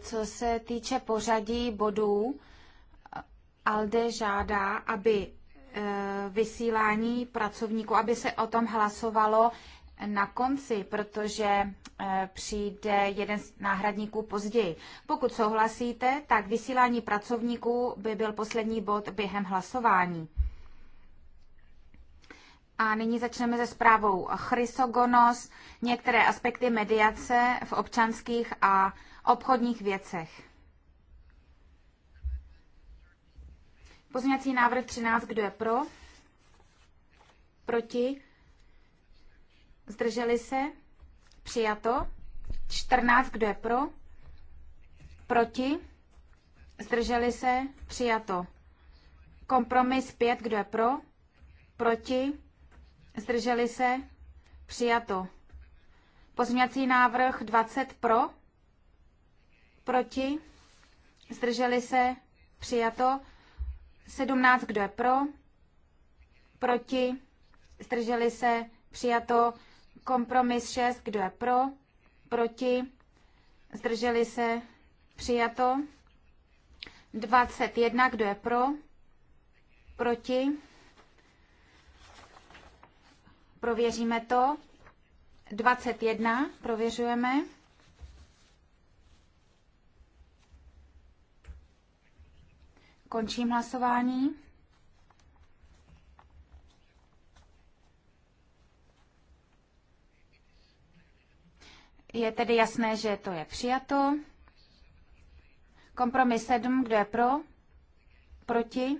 co se týče pořadí bodů, Alde žádá, aby eh, vysílání pracovníků, aby se o tom hlasovalo na konci, protože eh, přijde jeden z náhradníků později. Pokud souhlasíte, tak vysílání pracovníků by byl poslední bod během hlasování. A nyní začneme se zprávou Chrysogonos, některé aspekty mediace v občanských a obchodních věcech. Pozměňovací návrh 13, kdo je pro? Proti? Zdrželi se? Přijato. 14, kdo je pro? Proti? Zdrželi se? Přijato. Kompromis 5, kdo je pro? Proti? Zdrželi se? Přijato. Pozměňovací návrh 20 pro? proti, zdrželi se, přijato. 17, kdo je pro, proti, zdrželi se, přijato. Kompromis 6, kdo je pro, proti, zdrželi se, přijato. 21, kdo je pro, proti, prověříme to. 21, prověřujeme. Končím hlasování. Je tedy jasné, že to je přijato. Kompromis 7, kdo je pro? Proti?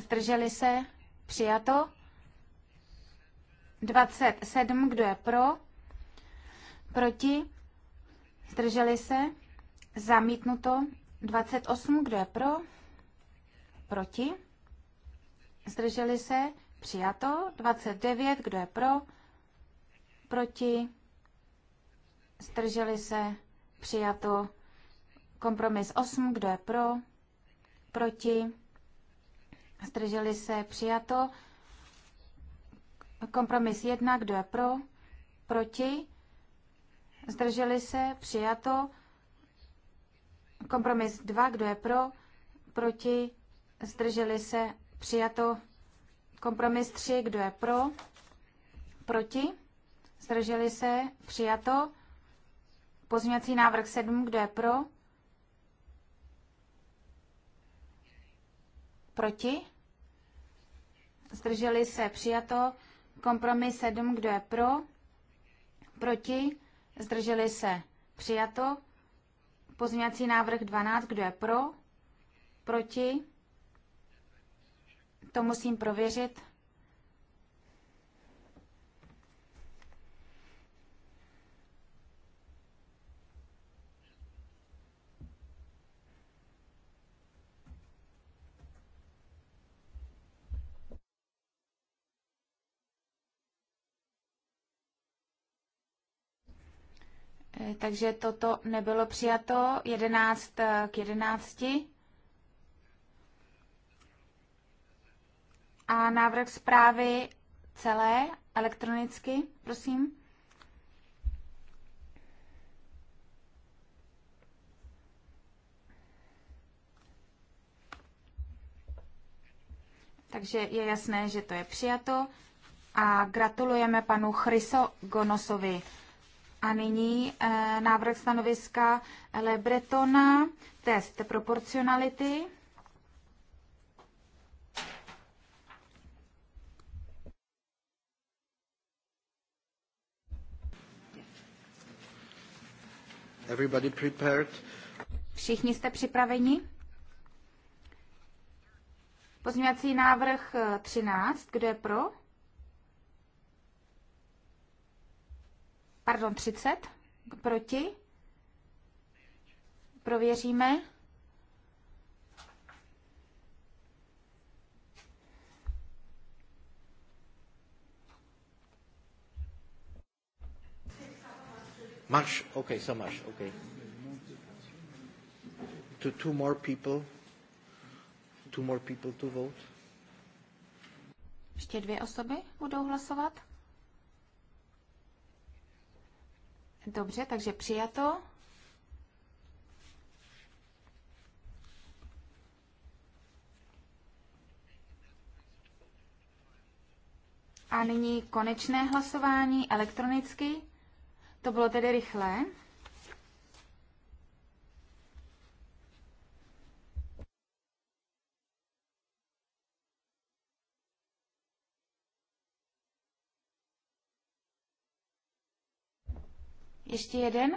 Zdrželi se? Přijato. 27, kdo je pro? Proti? Zdrželi se? Zamítnuto. 28, kdo je pro? Proti? Zdrželi se? Přijato. 29, kdo je pro? Proti? Zdrželi se? Přijato. Kompromis 8, kdo je pro? Proti? Zdrželi se? Přijato. Kompromis 1, kdo je pro? Proti? Zdrželi se? Přijato. Kompromis 2, kdo je pro, proti, zdrželi se, přijato. Kompromis 3, kdo je pro, proti, zdrželi se, přijato. Pozměňovací návrh 7, kdo je pro, proti, zdrželi se, přijato. Kompromis 7, kdo je pro, proti, zdrželi se, přijato. Pozměňovací návrh 12, kdo je pro? Proti? To musím prověřit. Takže toto nebylo přijato 11 k 11. A návrh zprávy celé elektronicky, prosím. Takže je jasné, že to je přijato a gratulujeme panu Chryso Gonosovi. A nyní eh, návrh stanoviska Lebretona, test proporcionality. Everybody prepared. Všichni jste připraveni? Pozměňovací návrh 13, eh, kdo je pro? Pardon, 30. Proti? Prověříme. Máš? okay, so máš, okay. To two more people, two more people to vote. Ještě dvě osoby budou hlasovat. Dobře, takže přijato. A nyní konečné hlasování elektronicky. To bylo tedy rychlé. Ještě jeden.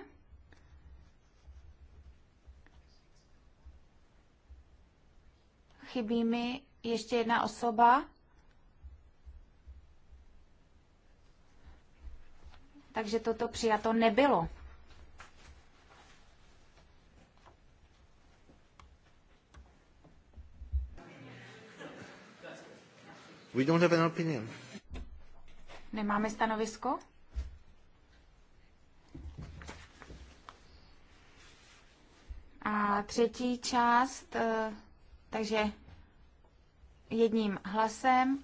Chybí mi ještě jedna osoba. Takže toto přijato nebylo. We don't have an opinion. Nemáme stanovisko? A třetí část, eh, takže jedním hlasem,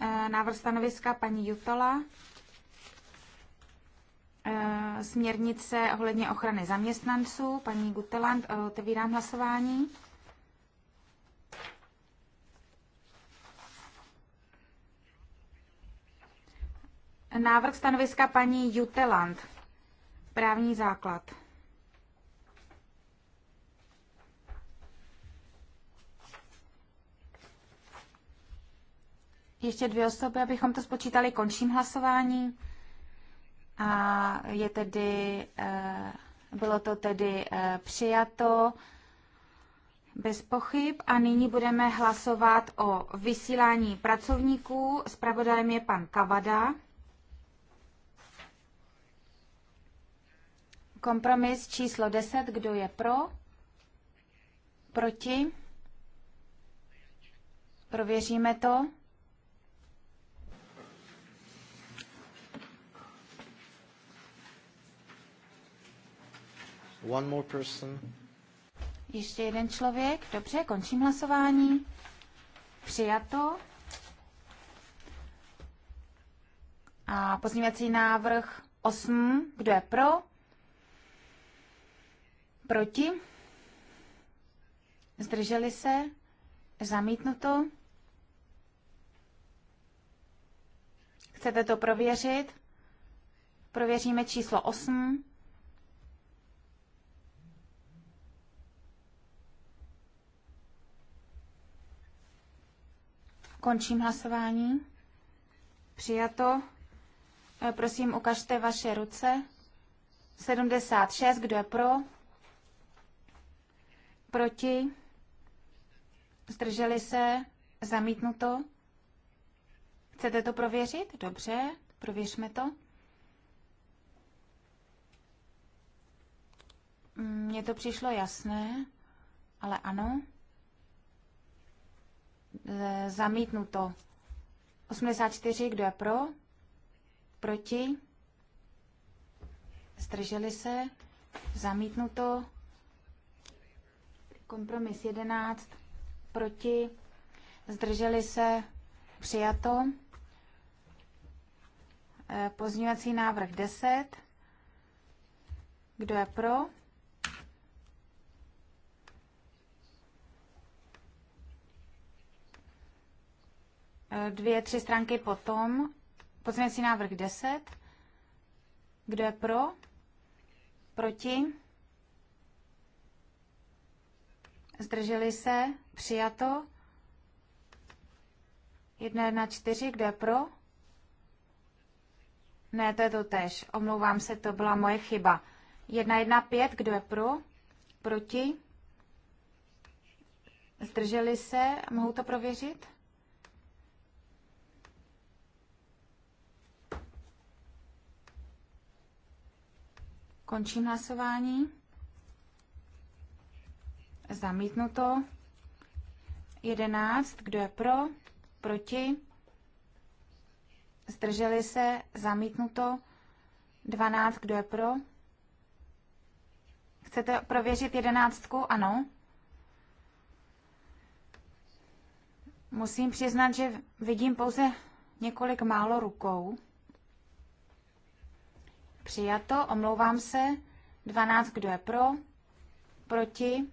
eh, návrh stanoviska paní Jutola, eh, směrnice ohledně ochrany zaměstnanců, paní Guteland, otevírám hlasování. Návrh stanoviska paní Juteland. Právní základ. ještě dvě osoby, abychom to spočítali. Končím hlasování. A je tedy, eh, bylo to tedy eh, přijato bez pochyb. A nyní budeme hlasovat o vysílání pracovníků. Spravodajem je pan Kavada. Kompromis číslo 10. Kdo je pro? Proti? Prověříme to. One more person. Ještě jeden člověk. Dobře, končím hlasování. Přijato. A pozměňovací návrh 8. Kdo je pro? Proti? Zdrželi se? Zamítnuto? Chcete to prověřit? Prověříme číslo 8. Končím hlasování. Přijato. E, prosím, ukažte vaše ruce. 76, kdo je pro? Proti? Zdrželi se? Zamítnuto? Chcete to prověřit? Dobře, prověřme to. Mm, mně to přišlo jasné, ale ano. Eh, zamítnuto. 84, kdo je pro? Proti? Zdrželi se? Zamítnuto. Kompromis 11. Proti? Zdrželi se? Přijato. Eh, Pozňovací návrh 10. Kdo je pro? dvě, tři stránky potom, pozměňovací návrh 10. Kdo je pro? Proti? Zdrželi se? Přijato? 1.1.4. Kdo je pro? Ne, to je to tež. Omlouvám se, to byla moje chyba. 1.1.5. Kdo je pro? Proti? Zdrželi se? Mohu to prověřit? Končím hlasování. Zamítnuto. 11. Kdo je pro? Proti? Zdrželi se? Zamítnuto. 12. Kdo je pro? Chcete prověřit jedenáctku? Ano. Musím přiznat, že vidím pouze několik málo rukou. Přijato, omlouvám se. 12, kdo je pro? Proti?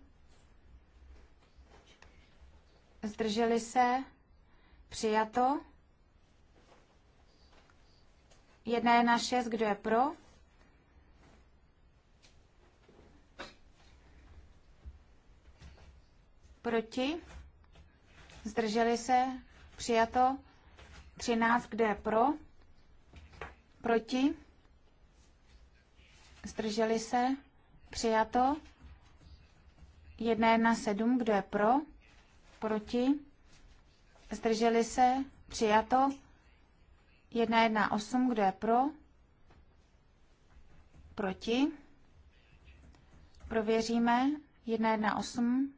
Zdrželi se? Přijato. 1, 1, 6, kdo je pro? Proti? Zdrželi se? Přijato. 13, kdo je pro? Proti? Zdrželi se? Přijato. 7. kdo je pro? Proti? Zdrželi se? Přijato. 8. kdo je pro? Proti? Prověříme. 118.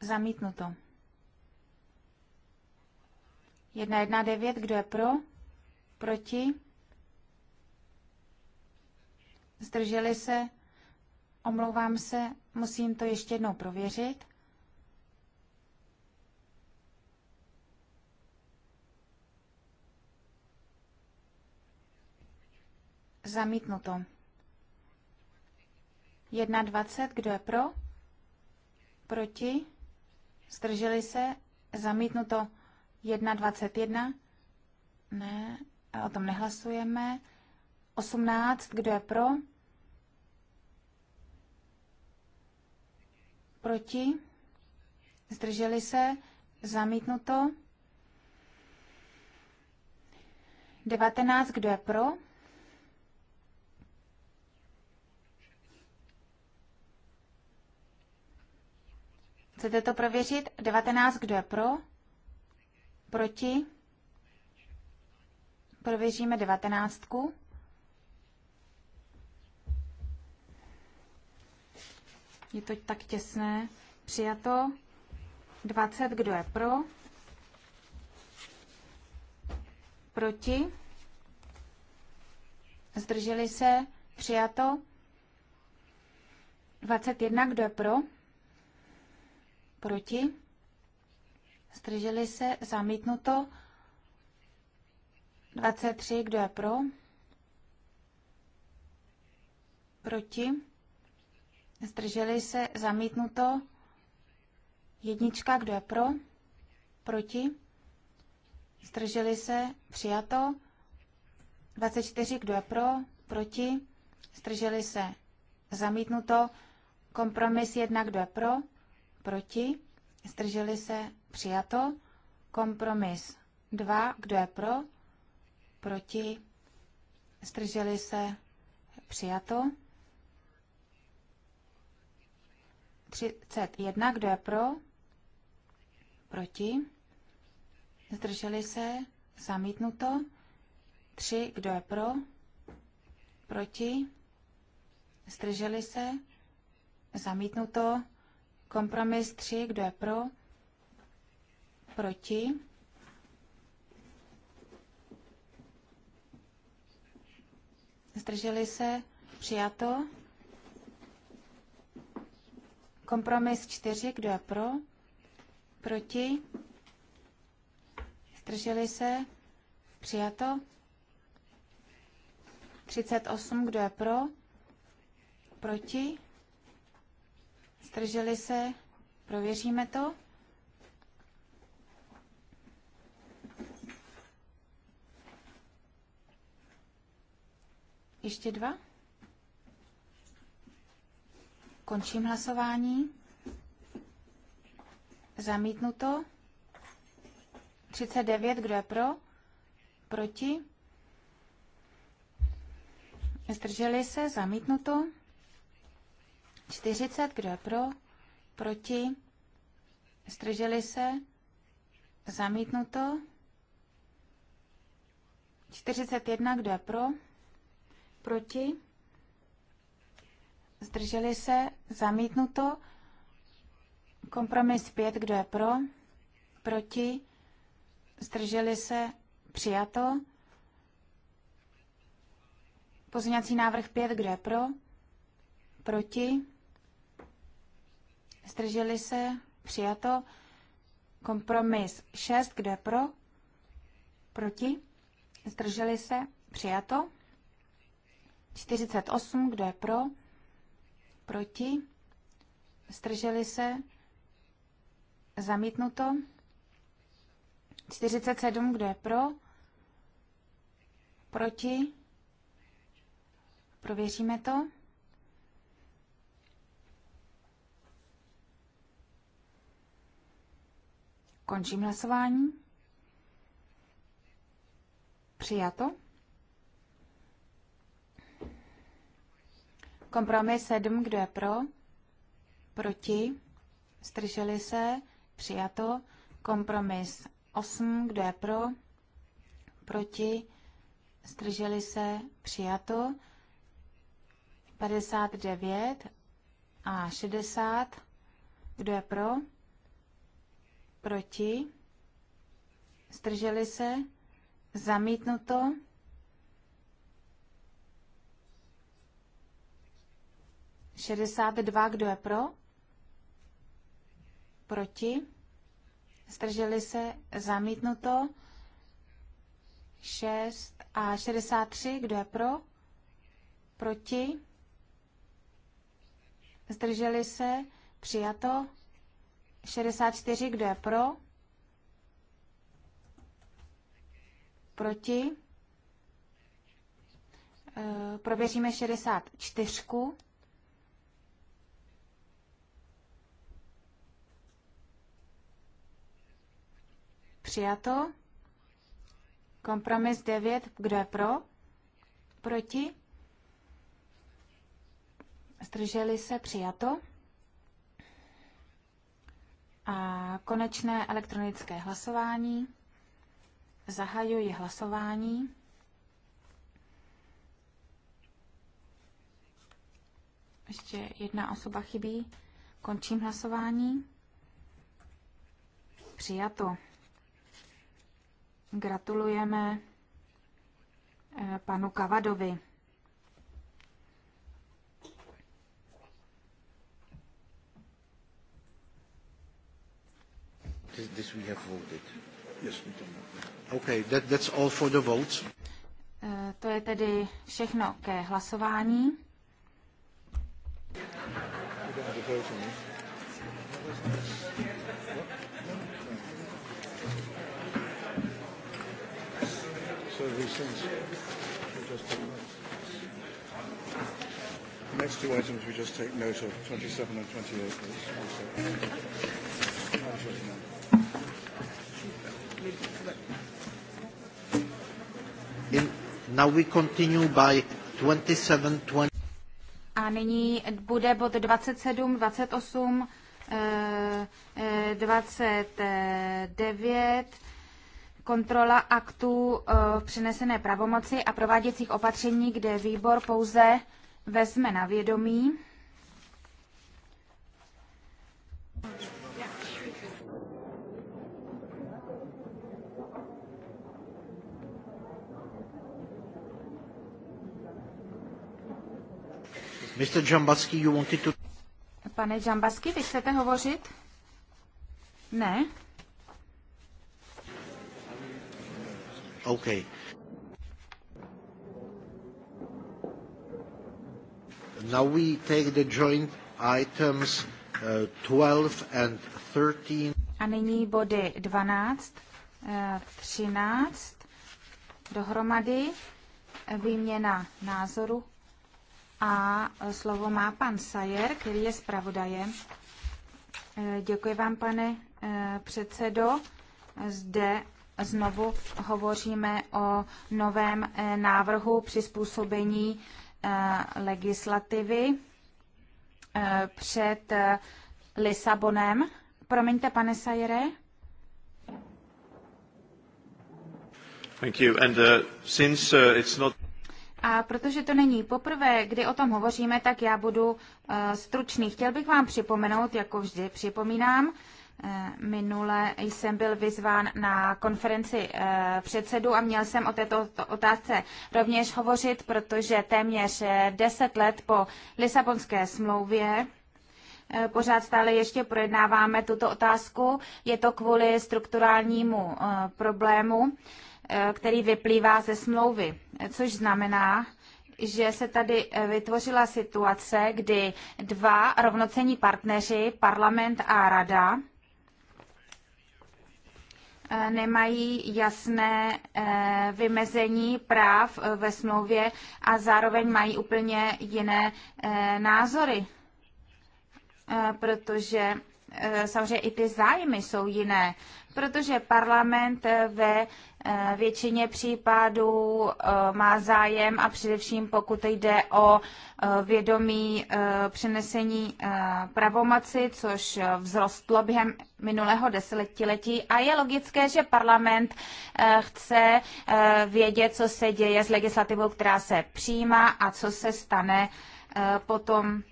Zamítnuto. 1, 1, 9, kdo je pro? Proti? Zdrželi se? Omlouvám se, musím to ještě jednou prověřit. Zamítnuto. 1,20, kdo je pro? Proti? Zdrželi se? Zamítnuto. 1,21. Ne, o tom nehlasujeme. 18, kdo je pro? Proti? Zdrželi se? Zamítnuto? 19, kdo je pro? Chcete to prověřit? 19, kdo je pro? Proti? Prověříme devatenáctku. Je to tak těsné. Přijato. 20, kdo je pro? Proti? Zdrželi se? Přijato. 21, kdo je pro? Proti? Zdrželi se? Zamítnuto. 23. Kdo je pro? Proti? Zdrželi se? Zamítnuto. Jednička. Kdo je pro? Proti? Zdrželi se? Přijato. 24. Kdo je pro? Proti? Zdrželi se? Zamítnuto. Kompromis 1. Kdo je pro? Proti? Zdrželi se? Přijato. Kompromis 2. Kdo je pro? Proti? Zdrželi se? Přijato. 31. Kdo je pro? Proti? Zdrželi se? Zamítnuto. 3. Kdo je pro? Proti? Zdrželi se? Zamítnuto. Kompromis 3. Kdo je pro? Proti? Zdrželi se? Přijato. Kompromis 4. Kdo je pro? Proti? Zdrželi se? Přijato. 38. Kdo je pro? Proti? Zdrželi se? Prověříme to. Ještě dva? Končím hlasování. Zamítnuto. 39, kdo je pro? Proti? Zdrželi se, zamítnuto. 40, kdo je pro? Proti? Zdrželi se, zamítnuto. 41, kdo je pro? proti, zdrželi se, zamítnuto. Kompromis 5, kdo je pro, proti, zdrželi se, přijato. Pozměňovací návrh 5, kdo je pro, proti, zdrželi se, přijato. Kompromis 6, kdo je pro, proti, zdrželi se, přijato. 48, kdo je pro, proti, zdrželi se, zamítnuto. 47, kdo je pro, proti, prověříme to. Končím hlasování. Přijato. Kompromis 7, kdo je pro? Proti? Zdrželi se? Přijato. Kompromis 8, kdo je pro? Proti? Zdrželi se? Přijato. 59 a 60. Kdo je pro? Proti? Zdrželi se? Zamítnuto. 62, kdo je pro? Proti? Zdrželi se zamítnuto? 6 a 63, kdo je pro? Proti? Zdrželi se? Přijato? 64, kdo je pro? Proti? E, prověříme 64. Přijato. Kompromis 9. Kdo je pro? Proti? Zdrželi se? Přijato. A konečné elektronické hlasování. Zahajuji hlasování. Ještě jedna osoba chybí. Končím hlasování. Přijato. Gratulujeme eh, panu Kavadovi. This, this we have voted. Yes, we Okay, that, that's all for the votes. Eh, to je tedy všechno ke hlasování. Thank you. Next two items we just take note of, 27 and 28. Now we continue by 27, 20. A nyní bude bod 27, 28, 29, kontrola aktů v eh, přenesené pravomoci a prováděcích opatření, kde výbor pouze vezme na vědomí. Mr. Jambaski, you wanted to... Pane Jambaski, vy chcete hovořit? Ne. Now we take the joint items 12 uh, and 13. A nyní body 12, 13 uh, dohromady výměna názoru a slovo má pan Sajer, který je zpravodajem. Uh, děkuji vám, pane předsedo. Zde znovu hovoříme o novém eh, návrhu přizpůsobení eh, legislativy eh, před Lisabonem. Promiňte, pane Sajere. Thank you. And, uh, since, uh, it's not... A protože to není poprvé, kdy o tom hovoříme, tak já budu uh, stručný. Chtěl bych vám připomenout, jako vždy připomínám, Eh, minule jsem byl vyzván na konferenci eh, předsedu a měl jsem o této otázce rovněž hovořit, protože téměř eh, deset let po Lisabonské smlouvě pořád stále ještě projednáváme tuto otázku. Je to kvůli strukturálnímu problému, který vyplývá ze smlouvy, což znamená, že se tady vytvořila situace, kdy dva rovnocení partneři, parlament a rada, Eh, nemají jasné eh, vymezení práv eh, ve smlouvě a zároveň mají úplně jiné názory, protože samozřejmě i ty zájmy jsou jiné, protože parlament ve Eh, většině případů eh, má zájem a především pokud jde o eh, vědomí přenesení pravomoci, což vzrostlo během minulého desetiletí a je logické, že parlament chce vědět, co se děje s legislativou, která se přijímá a co se stane potom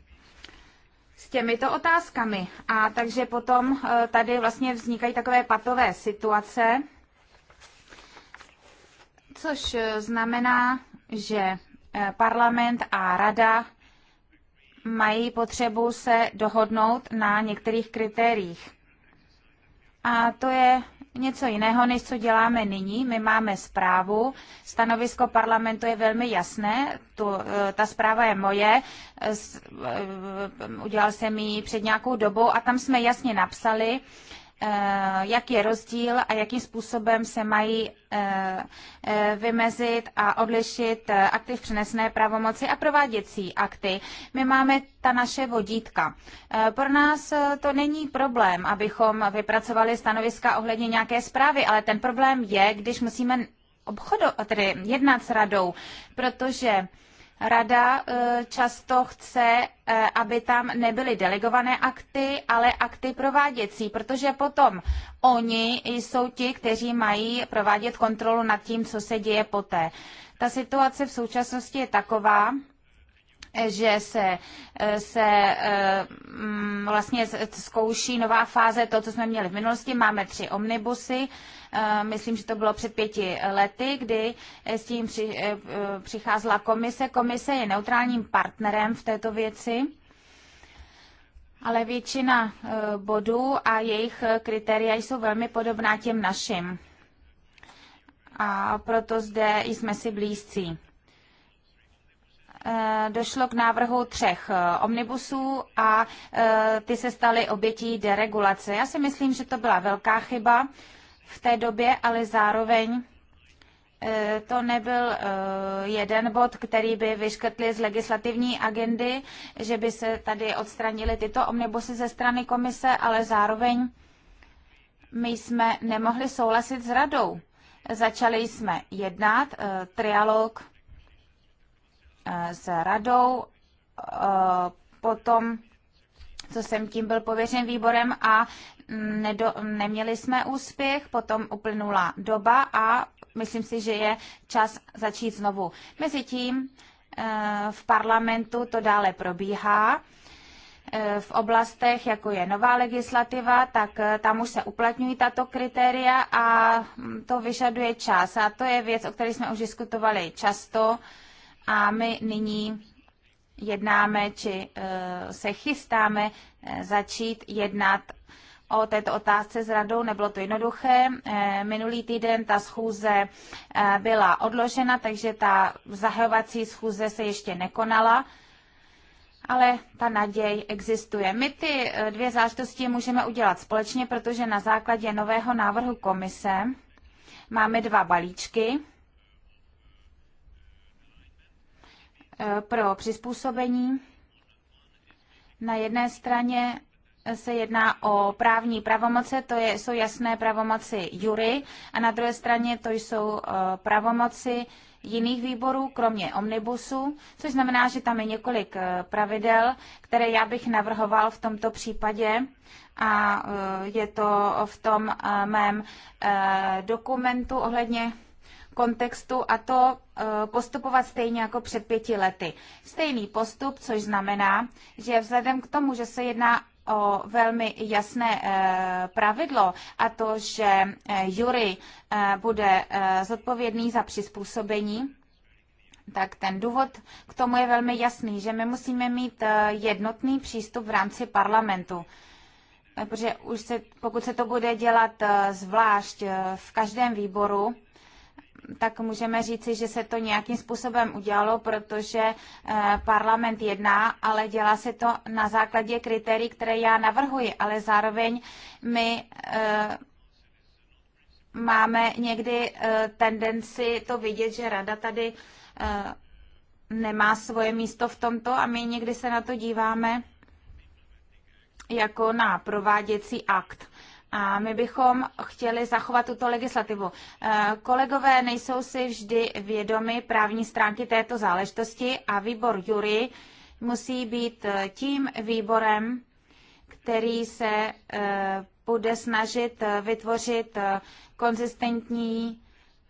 s těmito otázkami. A takže potom tady vlastně vznikají takové patové situace, což znamená, že eh, parlament a rada mají potřebu se dohodnout na některých kritériích. A to je něco jiného, než co děláme nyní. My máme zprávu, stanovisko parlamentu je velmi jasné, tu, eh, ta zpráva je moje, eh, udělal jsem ji před nějakou dobou a tam jsme jasně napsali, Eh, jak je rozdíl a jakým způsobem se mají eh, eh, vymezit a odlišit akty v přenesné pravomoci a prováděcí akty. My máme ta naše vodítka. Pro nás to není problém, abychom vypracovali stanoviska ohledně nějaké zprávy, ale ten problém je, když musíme obchodu, tedy jednat s radou, protože Rada eh, často chce, eh, aby tam nebyly delegované akty, ale akty prováděcí, protože potom oni jsou ti, kteří mají provádět kontrolu nad tím, co se děje poté. Ta situace v současnosti je taková, že se, eh, se eh, mm, vlastně zkouší nová fáze, to, co jsme měli v minulosti. Máme tři omnibusy, eh, myslím, že to bylo před pěti lety, kdy s tím při, přicházela komise. Komise je neutrálním partnerem v této věci. Ale většina bodů a jejich kritéria jsou velmi podobná těm našim. A proto zde jsme si blízcí. Eh, došlo k návrhu třech eh, omnibusů a eh, ty se staly obětí deregulace. Já si myslím, že to byla velká chyba v té době, ale zároveň to nebyl jeden bod, který by vyškrtli z legislativní agendy, že by se tady odstranili tyto omnibusy ze strany komise, ale zároveň my jsme nemohli souhlasit s radou. Začali jsme jednat, trialog s radou, eh, potom, co jsem tím byl pověřen výborem a nedo, neměli jsme úspěch, potom uplynula doba a myslím si, že je čas začít znovu. Mezitím eh, v parlamentu to dále probíhá. Eh, v oblastech, jako je nová legislativa, tak tam už se uplatňují tato kritéria a mm, to vyžaduje čas. A to je věc, o které jsme už diskutovali často a my nyní jednáme či e, se chystáme e, začít jednat o této otázce s radou. Nebylo to jednoduché. E, minulý týden ta schůze byla odložena, takže ta zahajovací schůze se ještě nekonala. Ale ta naděj existuje. My ty dvě záležitosti můžeme udělat společně, protože na základě nového návrhu komise máme dva balíčky pro přizpůsobení. Na jedné straně se jedná o právní pravomoce, to je, jsou jasné pravomoci jury, a na druhé straně to jsou eh, pravomoci jiných výborů, kromě omnibusu, což znamená, že tam je několik eh, pravidel, které já bych navrhoval v tomto případě a eh, je to v tom mém dokumentu ohledně kontextu a to e, postupovat stejně jako před pěti lety. Stejný postup, což znamená, že vzhledem k tomu, že se jedná o velmi jasné e, pravidlo a to, že e, jury bude zodpovědný za přizpůsobení, tak ten důvod k tomu je velmi jasný, že my musíme mít jednotný přístup v rámci parlamentu. Protože už se, pokud se to bude dělat zvlášť v každém výboru, tak můžeme říci, že se to nějakým způsobem udělalo, protože eh, parlament jedná, ale dělá se to na základě kritérií, které já navrhuji, ale zároveň my eh, máme někdy eh, tendenci to vidět, že rada tady nemá svoje místo v tomto a my někdy se na to díváme jako na prováděcí akt. A my bychom chtěli zachovat tuto legislativu. Eh, kolegové nejsou si vždy vědomi právní stránky této záležitosti a výbor jury musí být eh, tím výborem, který se eh, bude snažit vytvořit konzistentní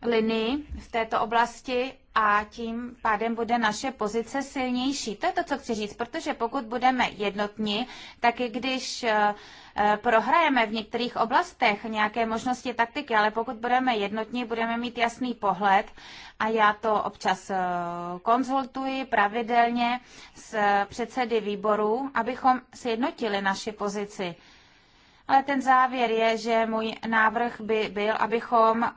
linii v této oblasti a tím pádem bude naše pozice silnější. To je to, co chci říct, protože pokud budeme jednotní, tak i když eh, eh, prohrajeme v některých oblastech nějaké možnosti taktiky, ale pokud budeme jednotní, budeme mít jasný pohled a já to občas eh, konzultuji pravidelně s předsedy výborů, abychom sjednotili naši pozici. Ale ten závěr je, že můj návrh by byl, abychom eh,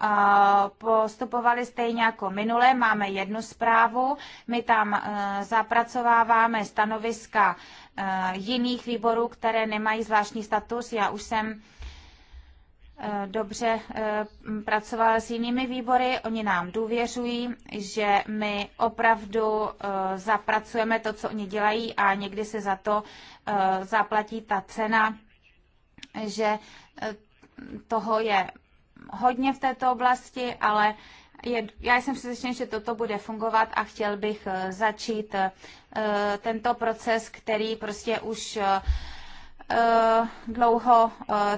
postupovali stejně jako minule. Máme jednu zprávu, my tam eh, zapracováváme stanoviska eh, jiných výborů, které nemají zvláštní status. Já už jsem dobře pracoval s jinými výbory, oni nám důvěřují, že my opravdu zapracujeme to, co oni dělají a někdy se za to zaplatí ta cena že eh, toho je hodně v této oblasti, ale je, já jsem přesvědčen, že toto bude fungovat a chtěl bych eh, začít eh, tento proces, který prostě už dlouho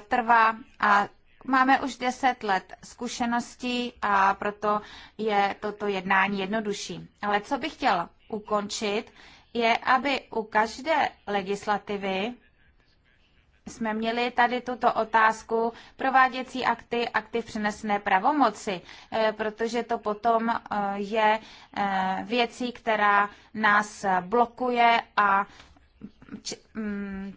trvá a máme už 10 let zkušeností a proto je toto jednání jednodušší. Ale co bych chtěl ukončit, je, aby u každé legislativy jsme měli tady tuto otázku prováděcí akty, akty přenesné pravomoci, eh, protože to potom eh, je eh, věcí, která nás blokuje a mm,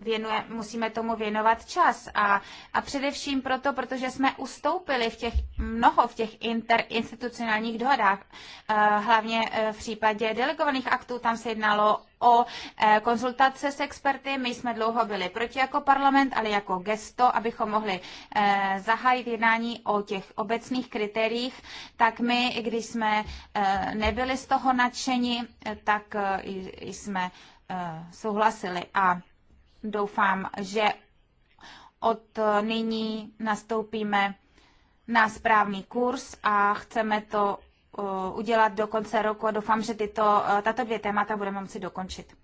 věnuje, musíme tomu věnovat čas. A, a především proto, protože jsme ustoupili v těch mnoho v těch interinstitucionálních dohodách, eh, hlavně eh, v případě delegovaných aktů, tam se jednalo o eh, konzultace s experty. My jsme dlouho byli proti jako parlament, ale jako gesto, abychom mohli zahájit jednání o těch obecných kritériích, tak my, když jsme nebyli z toho nadšeni, tak jsme souhlasili. A doufám, že od nyní nastoupíme na správný kurz a chceme to eh, udělat do konce roku a doufám, že tyto, eh, tato dvě témata budeme moci dokončit.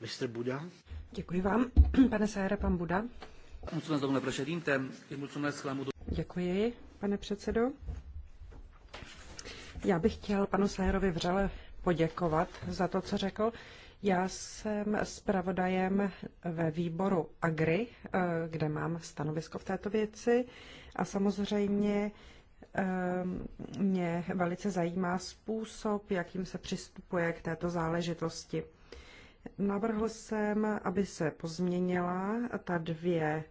Mr. Buda. Děkuji vám, pane Sajere, pan Buda. Děkuji, pane předsedo. Já bych chtěl panu Sajerovi vřele poděkovat za to, co řekl. Já jsem zpravodajem ve výboru Agri, eh, kde mám stanovisko v této věci a samozřejmě eh, mě velice zajímá způsob, jakým se přistupuje k této záležitosti. Navrhl jsem, aby se pozměnila ta dvě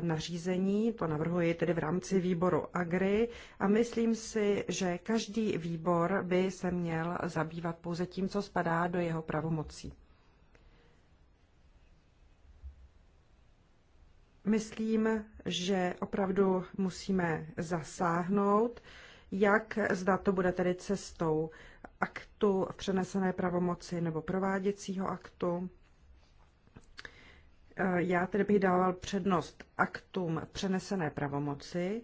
nařízení, to navrhuji tedy v rámci výboru Agri a myslím si, že každý výbor by se měl zabývat pouze tím, co spadá do jeho pravomocí. Myslím, že opravdu musíme zasáhnout, jak zda to bude tedy cestou aktu v přenesené pravomoci nebo prováděcího aktu. Eh, já tedy bych dával přednost aktům přenesené pravomoci,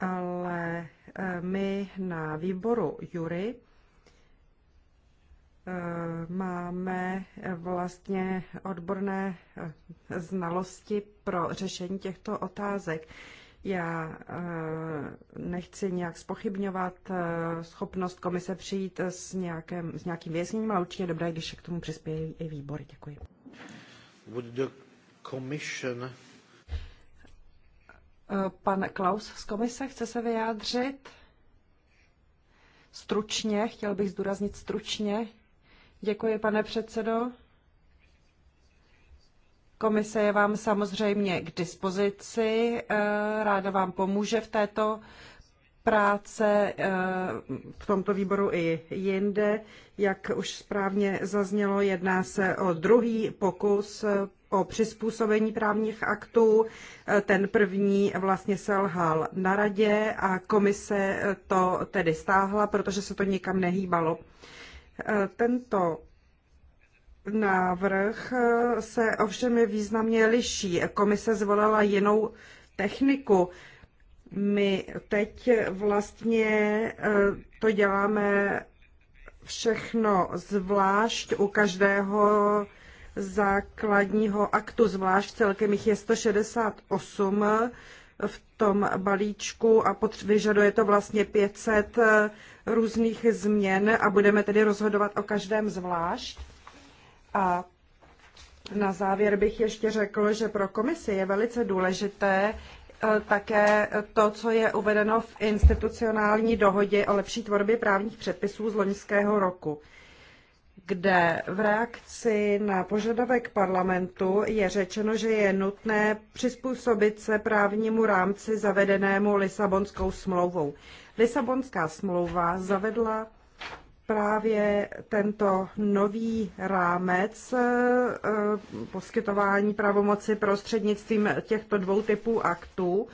ale eh, my na výboru jury eh, máme vlastně odborné znalosti pro řešení těchto otázek. Já eh, nechci nějak spochybňovat eh, schopnost komise přijít s, nějakém, s nějakým vězněním, ale určitě je dobré, když k tomu přispějí i výbory. Děkuji. Would the commission... Eh, pan Klaus z komise chce se vyjádřit. Stručně, chtěl bych zdůraznit stručně. Děkuji, pane předsedo. Komise je vám samozřejmě k dispozici, eh, ráda vám pomůže v této práce eh, v tomto výboru i jinde. Jak už správně zaznělo, jedná se o druhý pokus eh, o přizpůsobení právních aktů. Ten první vlastně selhal na radě a komise to tedy stáhla, protože se to nikam nehýbalo. Tento návrh eh, se ovšem významně liší. Komise zvolila jinou techniku. My teď vlastně eh, to děláme všechno zvlášť u každého základního aktu, zvlášť celkem jich je 168 eh, v tom balíčku a vyžaduje to vlastně 500 různých změn a budeme tedy rozhodovat o každém zvlášť. A na závěr bych ještě řekl, že pro komisi je velice důležité eh, také to, co je uvedeno v institucionální dohodě o lepší tvorbě právních předpisů z loňského roku kde v reakci na požadavek parlamentu je řečeno, že je nutné přizpůsobit se právnímu rámci zavedenému Lisabonskou smlouvou. Lisabonská smlouva zavedla právě tento nový rámec eh, poskytování pravomoci prostřednictvím těchto dvou typů aktů.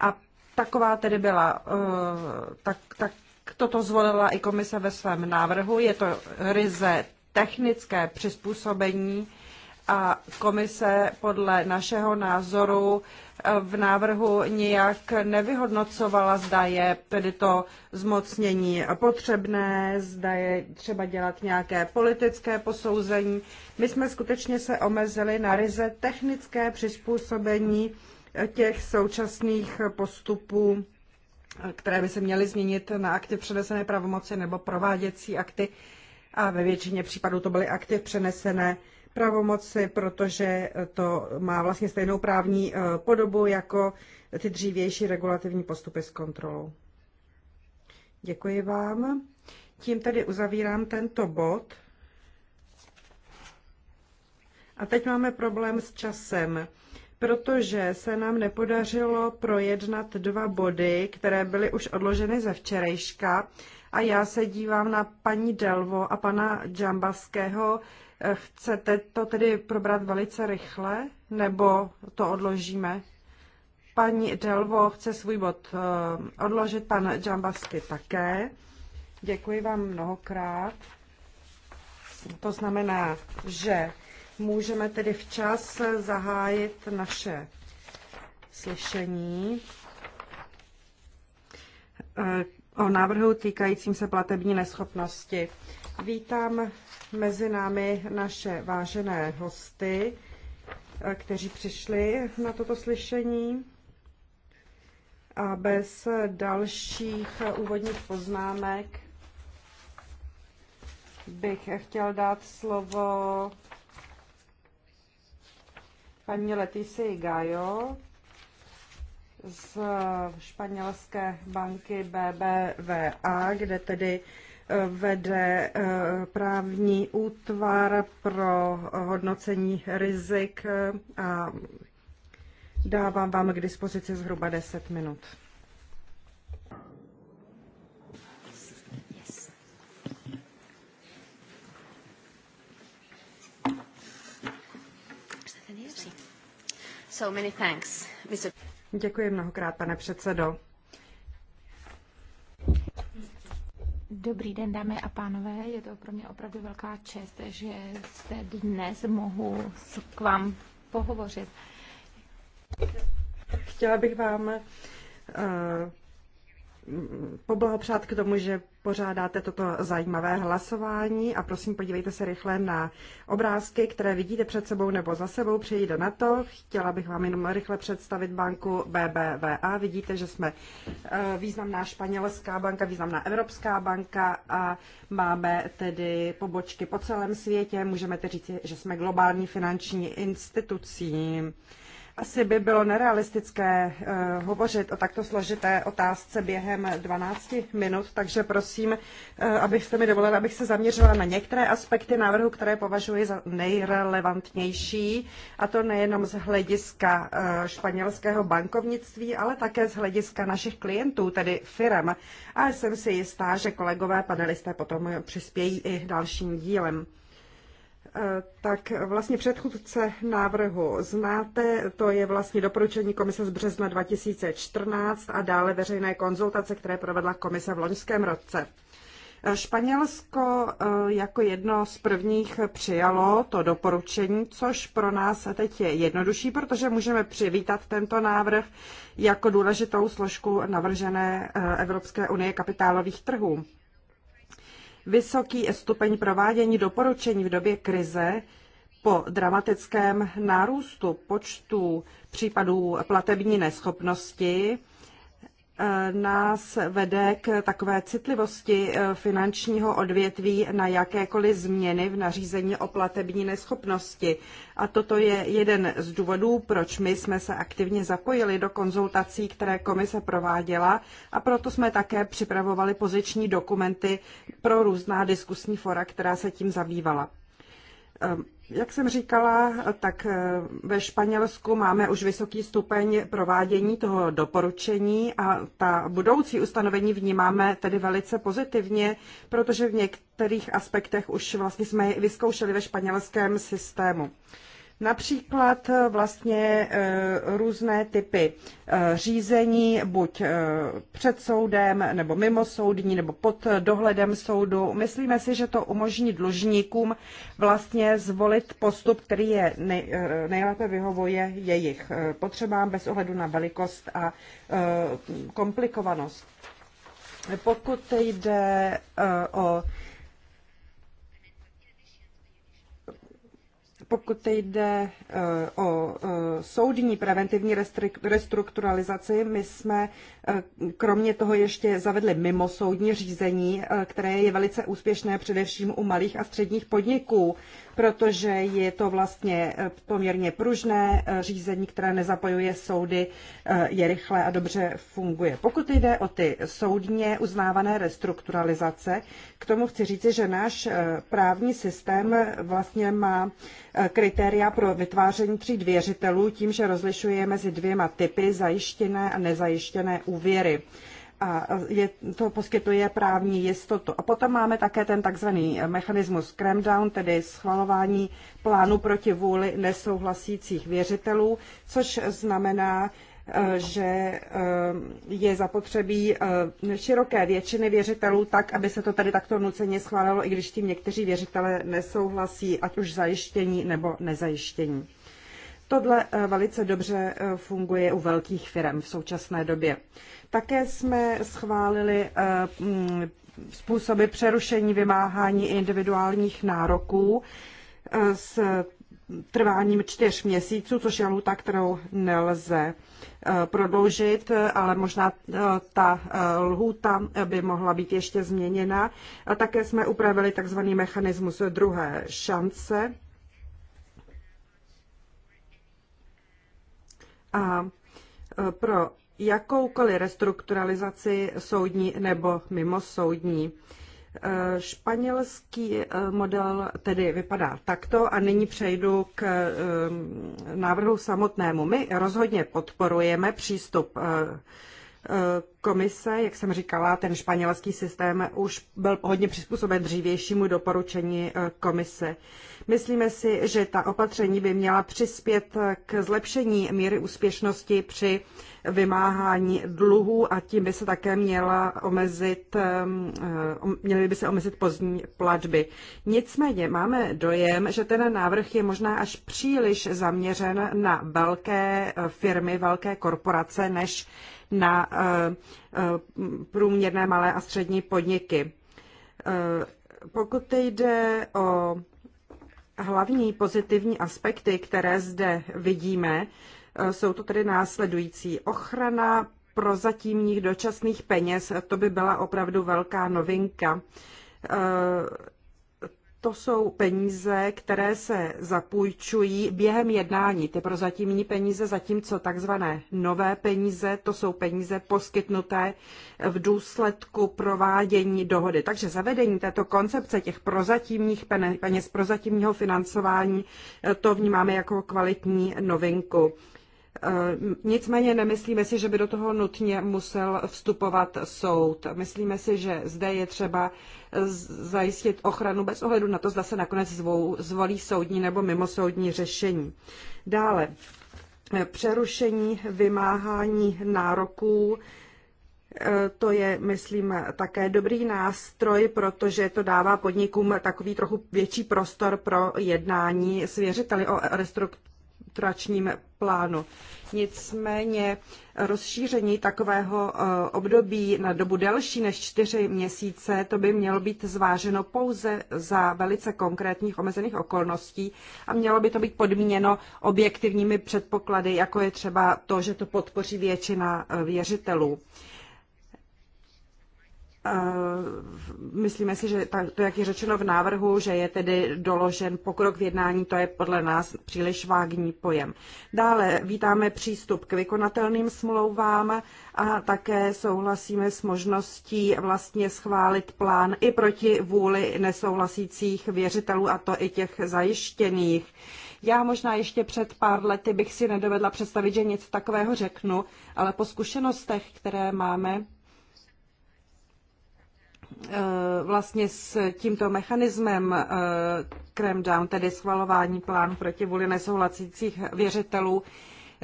A taková tedy byla, eh, tak, tak toto zvolila i komise ve svém návrhu. Je to ryze technické přizpůsobení a komise podle našeho názoru v návrhu nijak nevyhodnocovala, zda je tedy to zmocnění potřebné, zda je třeba dělat nějaké politické posouzení. My jsme skutečně se omezili na ryze technické přizpůsobení těch současných postupů, které by se měly změnit na akty přenesené pravomoci nebo prováděcí akty. A ve většině případů to byly akty přenesené pravomoci, protože to má vlastně stejnou právní eh, podobu jako ty dřívější regulativní postupy s kontrolou. Děkuji vám. Tím tedy uzavírám tento bod. A teď máme problém s časem, protože se nám nepodařilo projednat dva body, které byly už odloženy ze včerejška. A já se dívám na paní Delvo a pana Džambaského, Chcete to tedy probrat velice rychle, nebo to odložíme? Paní Delvo chce svůj bod eh, odložit, pan Džambasky také. Děkuji vám mnohokrát. To znamená, že můžeme tedy včas zahájit naše slyšení eh, o návrhu týkajícím se platební neschopnosti. Vítám mezi námi naše vážené hosty, eh, kteří přišli na toto slyšení. A bez dalších úvodních poznámek bych chtěl dát slovo paní Letici Gajo z španělské banky BBVA, kde tedy vede eh, právní útvar pro hodnocení rizik eh, a dávám vám k dispozici zhruba 10 minut. So many thanks, Děkuji mnohokrát, pane předsedo. Dobrý den, dámy a pánové. Je to pro mě opravdu velká čest, že zde dnes mohu k vám pohovořit. Chtěla bych vám eh, poblahopřát k tomu, že pořádáte toto zajímavé hlasování a prosím podívejte se rychle na obrázky, které vidíte před sebou nebo za sebou, Přeji na to. Chtěla bych vám jenom rychle představit banku BBVA. Vidíte, že jsme eh, významná španělská banka, významná evropská banka a máme tedy pobočky po celém světě. Můžeme tedy říct, že jsme globální finanční institucí asi by bylo nerealistické uh, hovořit o takto složité otázce během 12 minut, takže prosím, uh, eh, abyste mi dovolili, abych se zaměřila na některé aspekty návrhu, které považuji za nejrelevantnější, a to nejenom z hlediska uh, španělského bankovnictví, ale také z hlediska našich klientů, tedy firm. A jsem si jistá, že kolegové panelisté potom přispějí i dalším dílem. Eh, tak vlastně předchůdce návrhu znáte, to je vlastně doporučení komise z března 2014 a dále veřejné konzultace, které provedla komise v loňském roce. Eh, Španělsko eh, jako jedno z prvních přijalo to doporučení, což pro nás teď je jednodušší, protože můžeme přivítat tento návrh jako důležitou složku navržené Evropské unie kapitálových trhů. Vysoký stupeň provádění doporučení v době krize po dramatickém nárůstu počtu případů platební neschopnosti nás vede k takové citlivosti eh, finančního odvětví na jakékoliv změny v nařízení o platební neschopnosti. A toto je jeden z důvodů, proč my jsme se aktivně zapojili do konzultací, které komise prováděla a proto jsme také připravovali poziční dokumenty pro různá diskusní fora, která se tím zabývala. Eh, jak jsem říkala, tak eh, ve Španělsku máme už vysoký stupeň provádění toho doporučení a ta budoucí ustanovení vnímáme tedy velice pozitivně, protože v některých aspektech už vlastně jsme je vyzkoušeli ve španělském systému. Například eh, vlastně eh, různé typy eh, řízení, buď před soudem, nebo mimo soudní, nebo pod dohledem soudu. Myslíme si, že to umožní dlužníkům vlastně zvolit postup, který je nejlépe vyhovuje jejich potřebám bez ohledu na velikost a komplikovanost. Pokud jde o Pokud jde eh, o eh, soudní preventivní restrukturalizaci, my jsme eh, kromě toho ještě zavedli mimo soudní řízení, které je velice úspěšné především u malých a středních podniků protože je to vlastně eh, poměrně pružné eh, řízení, které nezapojuje soudy, eh, je rychlé a dobře funguje. Pokud jde o ty soudně uznávané restrukturalizace, k tomu chci říci, že náš právní systém vlastně má kritéria pro vytváření tří věřitelů tím, že rozlišuje mezi dvěma typy zajištěné a nezajištěné úvěry a je, to poskytuje právní jistotu. A potom máme také ten takzvaný eh, mechanismus cramdown, down, tedy schvalování plánu proti vůli nesouhlasících věřitelů, což znamená, eh, že eh, je zapotřebí široké většiny věřitelů tak, aby se to tady takto nuceně schválilo, i když tím někteří věřitelé nesouhlasí, ať už zajištění nebo nezajištění. Tohle velice dobře funguje u velkých firm v současné době. Také jsme schválili eh, mm, způsoby přerušení vymáhání individuálních nároků eh, s trváním čtyř měsíců, což je lhuta, kterou nelze eh, prodloužit, ale možná ta lhůta by mohla být ještě změněna. A také jsme upravili tzv. mechanismus druhé šance. A pro jakoukoliv restrukturalizaci soudní nebo mimosoudní. E, španělský e, model tedy vypadá takto a nyní přejdu k e, návrhu samotnému. My rozhodně podporujeme přístup komise, jak jsem říkala, ten španělský systém už byl hodně přizpůsoben dřívějšímu doporučení eh, komise. Myslíme si, že ta opatření by měla přispět k zlepšení míry úspěšnosti při vymáhání dluhů a tím by se také měla omezit, eh, měly by se omezit pozdní platby. Nicméně máme dojem, že ten návrh je možná až příliš zaměřen na velké eh, firmy, velké korporace, než na eh, eh, průměrné malé a střední podniky. Eh, pokud jde o hlavní pozitivní aspekty, které zde vidíme, jsou to tedy následující. Ochrana prozatímních dočasných peněz, to by byla opravdu velká novinka to jsou peníze, které se zapůjčují během jednání, ty prozatímní peníze, zatímco takzvané nové peníze, to jsou peníze poskytnuté v důsledku provádění dohody. Takže zavedení této koncepce těch prozatímních peněz, prozatímního financování, eh, to vnímáme jako kvalitní novinku. Eh, nicméně nemyslíme si, že by do toho nutně musel vstupovat soud. Myslíme si, že zde je třeba zajistit ochranu bez ohledu na to, zda se nakonec zvou, zvolí soudní nebo mimosoudní řešení. Dále, eh, přerušení vymáhání nároků eh, to je, myslím, také dobrý nástroj, protože to dává podnikům takový trochu větší prostor pro jednání s věřiteli o restrukturačním plánu. Nicméně rozšíření takového eh, období na dobu delší než čtyři měsíce, to by mělo být zváženo pouze za velice konkrétních omezených okolností a mělo by to být podmíněno objektivními předpoklady, jako je třeba to, že to podpoří většina eh, věřitelů. Eh, myslíme si, že to, jak je řečeno v návrhu, že je tedy doložen pokrok v jednání, to je podle nás příliš vágní pojem. Dále vítáme přístup k vykonatelným smlouvám a také souhlasíme s možností vlastně schválit plán i proti vůli nesouhlasících věřitelů, a to i těch zajištěných. Já možná ještě před pár lety bych si nedovedla představit, že něco takového řeknu, ale po zkušenostech, které máme, Eh, vlastně s tímto mechanismem cram eh, down, tedy schvalování plánu proti vůli nesouhlasících věřitelů,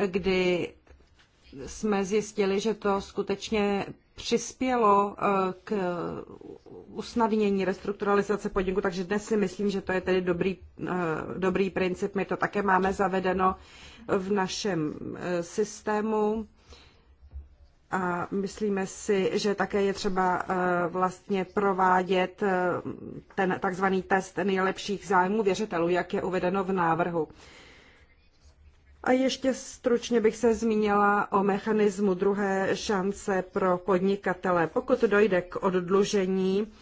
kdy jsme zjistili, že to skutečně přispělo eh, k usnadnění restrukturalizace podniku, takže dnes si myslím, že to je tedy dobrý, dobrý princip. My to také máme zavedeno v našem systému a myslíme si, že také je třeba eh, vlastně provádět eh, ten takzvaný test nejlepších zájmů věřitelů, jak je uvedeno v návrhu. A ještě stručně bych se zmínila o mechanismu druhé šance pro podnikatele. Pokud dojde k oddlužení,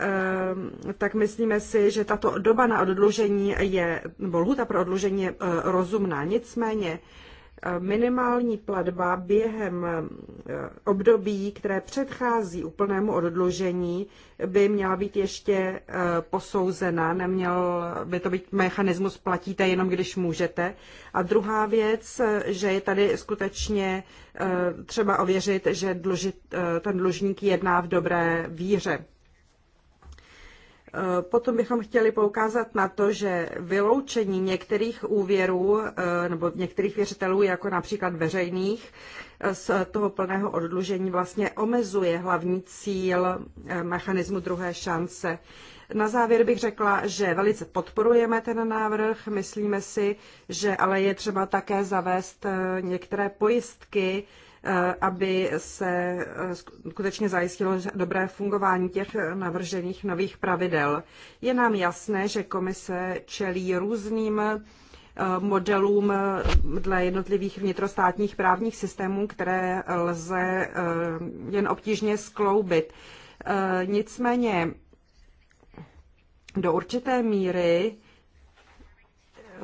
eh, tak myslíme si, že tato doba na oddlužení je, nebo lhuta pro oddlužení je rozumná. Nicméně minimální platba během eh, období, které předchází úplnému odložení, by měla být ještě eh, posouzena, neměl by to být mechanismus platíte jenom, když můžete. A druhá věc, eh, že je tady skutečně třeba ověřit, že ten dlužník jedná v dobré víře. Eh, potom bychom chtěli poukázat na to, že vyloučení některých úvěrů eh, nebo některých věřitelů, jako například veřejných, eh, z toho plného odlužení vlastně omezuje hlavní cíl mechanismu druhé šance. Na závěr bych řekla, že velice podporujeme ten návrh. Myslíme si, že ale je třeba také zavést některé pojistky, Eh, aby se eh, skutečně zajistilo dobré fungování těch navržených nových pravidel. Je nám jasné, že komise čelí různým eh, modelům dle jednotlivých vnitrostátních právních systémů, které lze jen obtížně skloubit. Nicméně do určité míry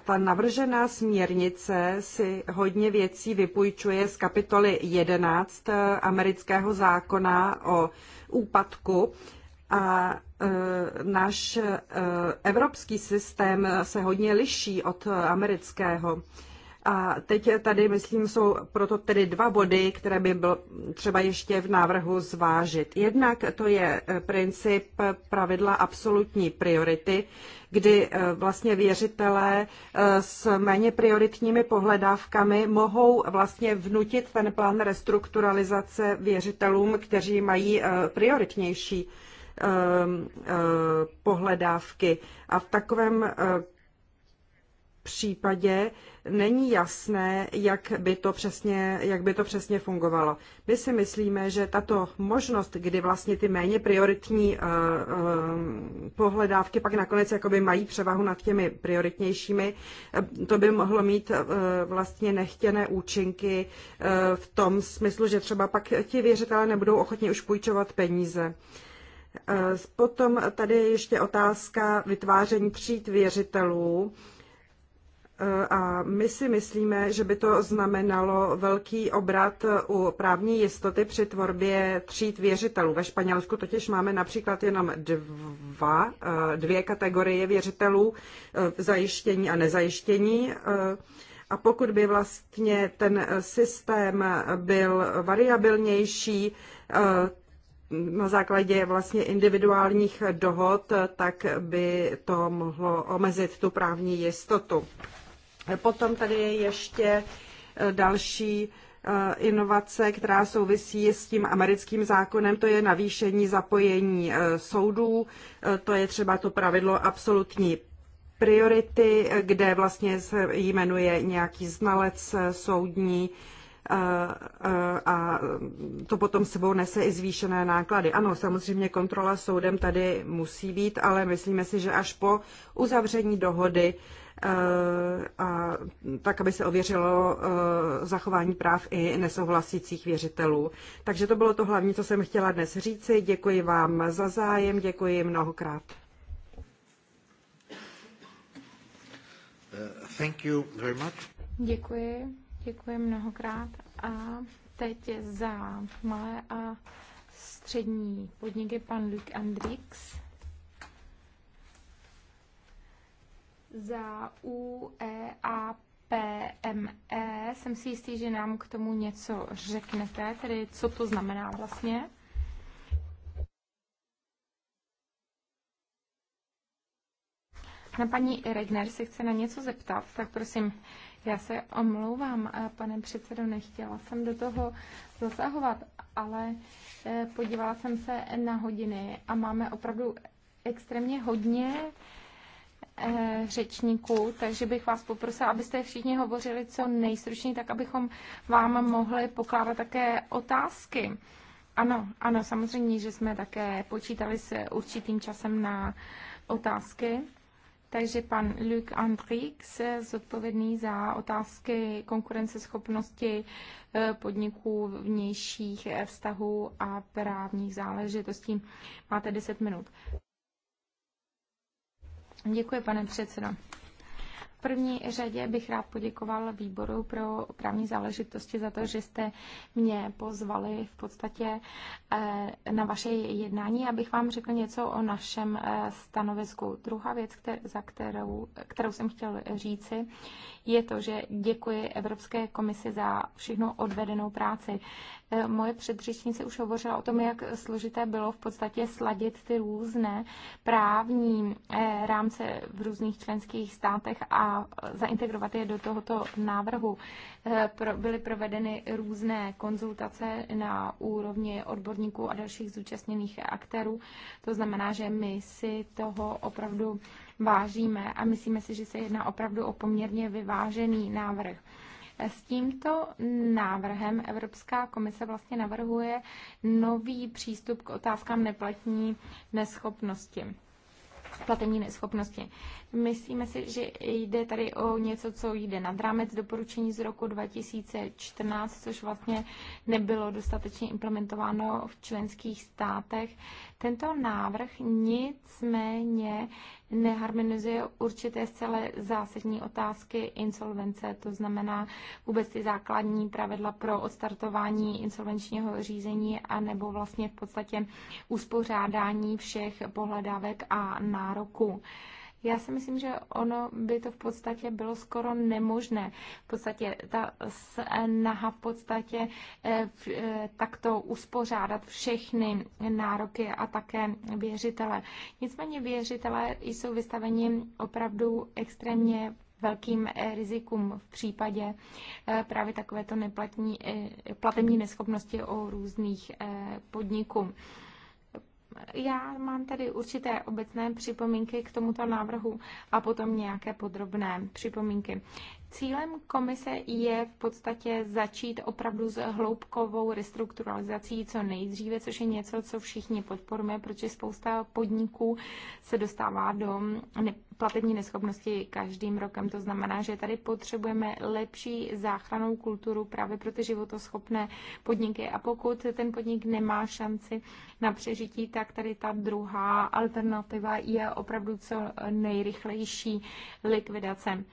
ta navržená směrnice si hodně věcí vypůjčuje z kapitoly 11 eh, amerického zákona o úpadku a eh, náš eh, evropský systém se hodně liší od amerického. A teď tady, myslím, jsou proto tedy dva body, které by bylo třeba ještě v návrhu zvážit. Jednak to je eh, princip pravidla absolutní priority, kdy eh, vlastně věřitelé eh, s méně prioritními pohledávkami mohou vlastně vnutit ten plán restrukturalizace věřitelům, kteří mají prioritnější ehm, pohledávky. A v takovém případě není jasné, jak by to přesně, jak by to přesně fungovalo. My si myslíme, že tato možnost, kdy vlastně ty méně prioritní uh, uh, pohledávky pak nakonec jakoby mají převahu nad těmi prioritnějšími, eh, to by mohlo mít uh, vlastně nechtěné účinky uh, v tom smyslu, že třeba pak ti věřitelé nebudou ochotni už půjčovat peníze. Potom tady je ještě otázka vytváření tříd věřitelů. A my si myslíme, že by to znamenalo velký obrat u právní jistoty při tvorbě tříd věřitelů. Ve Španělsku totiž máme například jenom dva, eh, dvě kategorie věřitelů, eh, zajištění a nezajištění. Eh, a pokud by vlastně ten systém byl variabilnější, na základě vlastně individuálních dohod, tak by to mohlo omezit tu právní jistotu. Potom tady je ještě eh, další eh, inovace, která souvisí s tím americkým zákonem, to je navýšení zapojení eh, soudů, to je třeba to pravidlo absolutní priority, kde vlastně se jmenuje nějaký znalec soudní a to potom sebou nese i zvýšené náklady. Ano, samozřejmě kontrola soudem tady musí být, ale myslíme si, že až po uzavření dohody Eh, a tak, aby se ověřilo eh, zachování práv i nesouhlasících věřitelů. Takže to bylo to hlavní, co jsem chtěla dnes říci. Děkuji vám za zájem, děkuji mnohokrát. Eh, thank you very much. Děkuji, děkuji mnohokrát. A teď za malé a střední podniky pan Luke Andrix. za U e A P M E. Jsem si jistý, že nám k tomu něco řeknete, tedy co to znamená vlastně. Na paní Regner se chce na něco zeptat, tak prosím, já se omlouvám, eh, pane předsedo, nechtěla jsem do toho zasahovat, ale eh, podívala jsem se na hodiny a máme opravdu extrémně hodně Eh, řečníků, takže bych vás poprosila, abyste všichni hovořili co nejstručněji, tak abychom vám mohli pokládat také otázky. Ano, ano, samozřejmě, že jsme také počítali s určitým časem na otázky. Takže pan Luc Andrix, zodpovědný za otázky konkurenceschopnosti eh, podniků, vnějších eh, vztahů a právních záležitostí. Máte 10 minut. Děkuji, pane předsedo. V první řadě bych rád poděkoval výboru pro právní záležitosti za to, že jste mě pozvali v podstatě eh, na vaše jednání, abych vám řekl něco o našem eh, stanovisku. Druhá věc, za kterou, kterou jsem chtěl říci, je to, že děkuji Evropské komisi za všechno odvedenou práci. E, moje předřečnice už hovořila o tom, jak složité bylo v podstatě sladit ty různé právní e, rámce v různých členských státech a zaintegrovat je do tohoto návrhu. E, byly provedeny různé konzultace na úrovni odborníků a dalších zúčastněných aktérů. To znamená, že my si toho opravdu vážíme a myslíme si, že se jedná opravdu o poměrně vyvážený návrh. S tímto návrhem Evropská komise vlastně navrhuje nový přístup k otázkám neplatní neschopnosti platení neschopnosti. Myslíme si, že jde tady o něco, co jde nad rámec doporučení z roku 2014, což vlastně nebylo dostatečně implementováno v členských státech. Tento návrh nicméně neharmonizuje určité zcela zásadní otázky insolvence, to znamená vůbec ty základní pravidla pro odstartování insolvenčního řízení a nebo vlastně v podstatě uspořádání všech pohledávek a nároků. Já si myslím, že ono by to v podstatě bylo skoro nemožné. V podstatě ta snaha v podstatě eh, eh, takto uspořádat všechny nároky a také věřitele. Nicméně věřitele jsou vystaveni opravdu extrémně velkým eh, rizikům v případě právě takovéto neplatní, platební neschopnosti o různých podniků já mám tady určité obecné připomínky k tomuto návrhu a potom nějaké podrobné připomínky. Cílem komise je v podstatě začít opravdu s hloubkovou restrukturalizací co nejdříve, což je něco, co všichni podporujeme, protože spousta podniků se dostává do platební neschopnosti každým rokem. To znamená, že tady potřebujeme lepší záchranou kulturu právě pro ty životoschopné podniky. A pokud ten podnik nemá šanci na přežití, tak tady ta druhá alternativa je opravdu co nejrychlejší likvidace.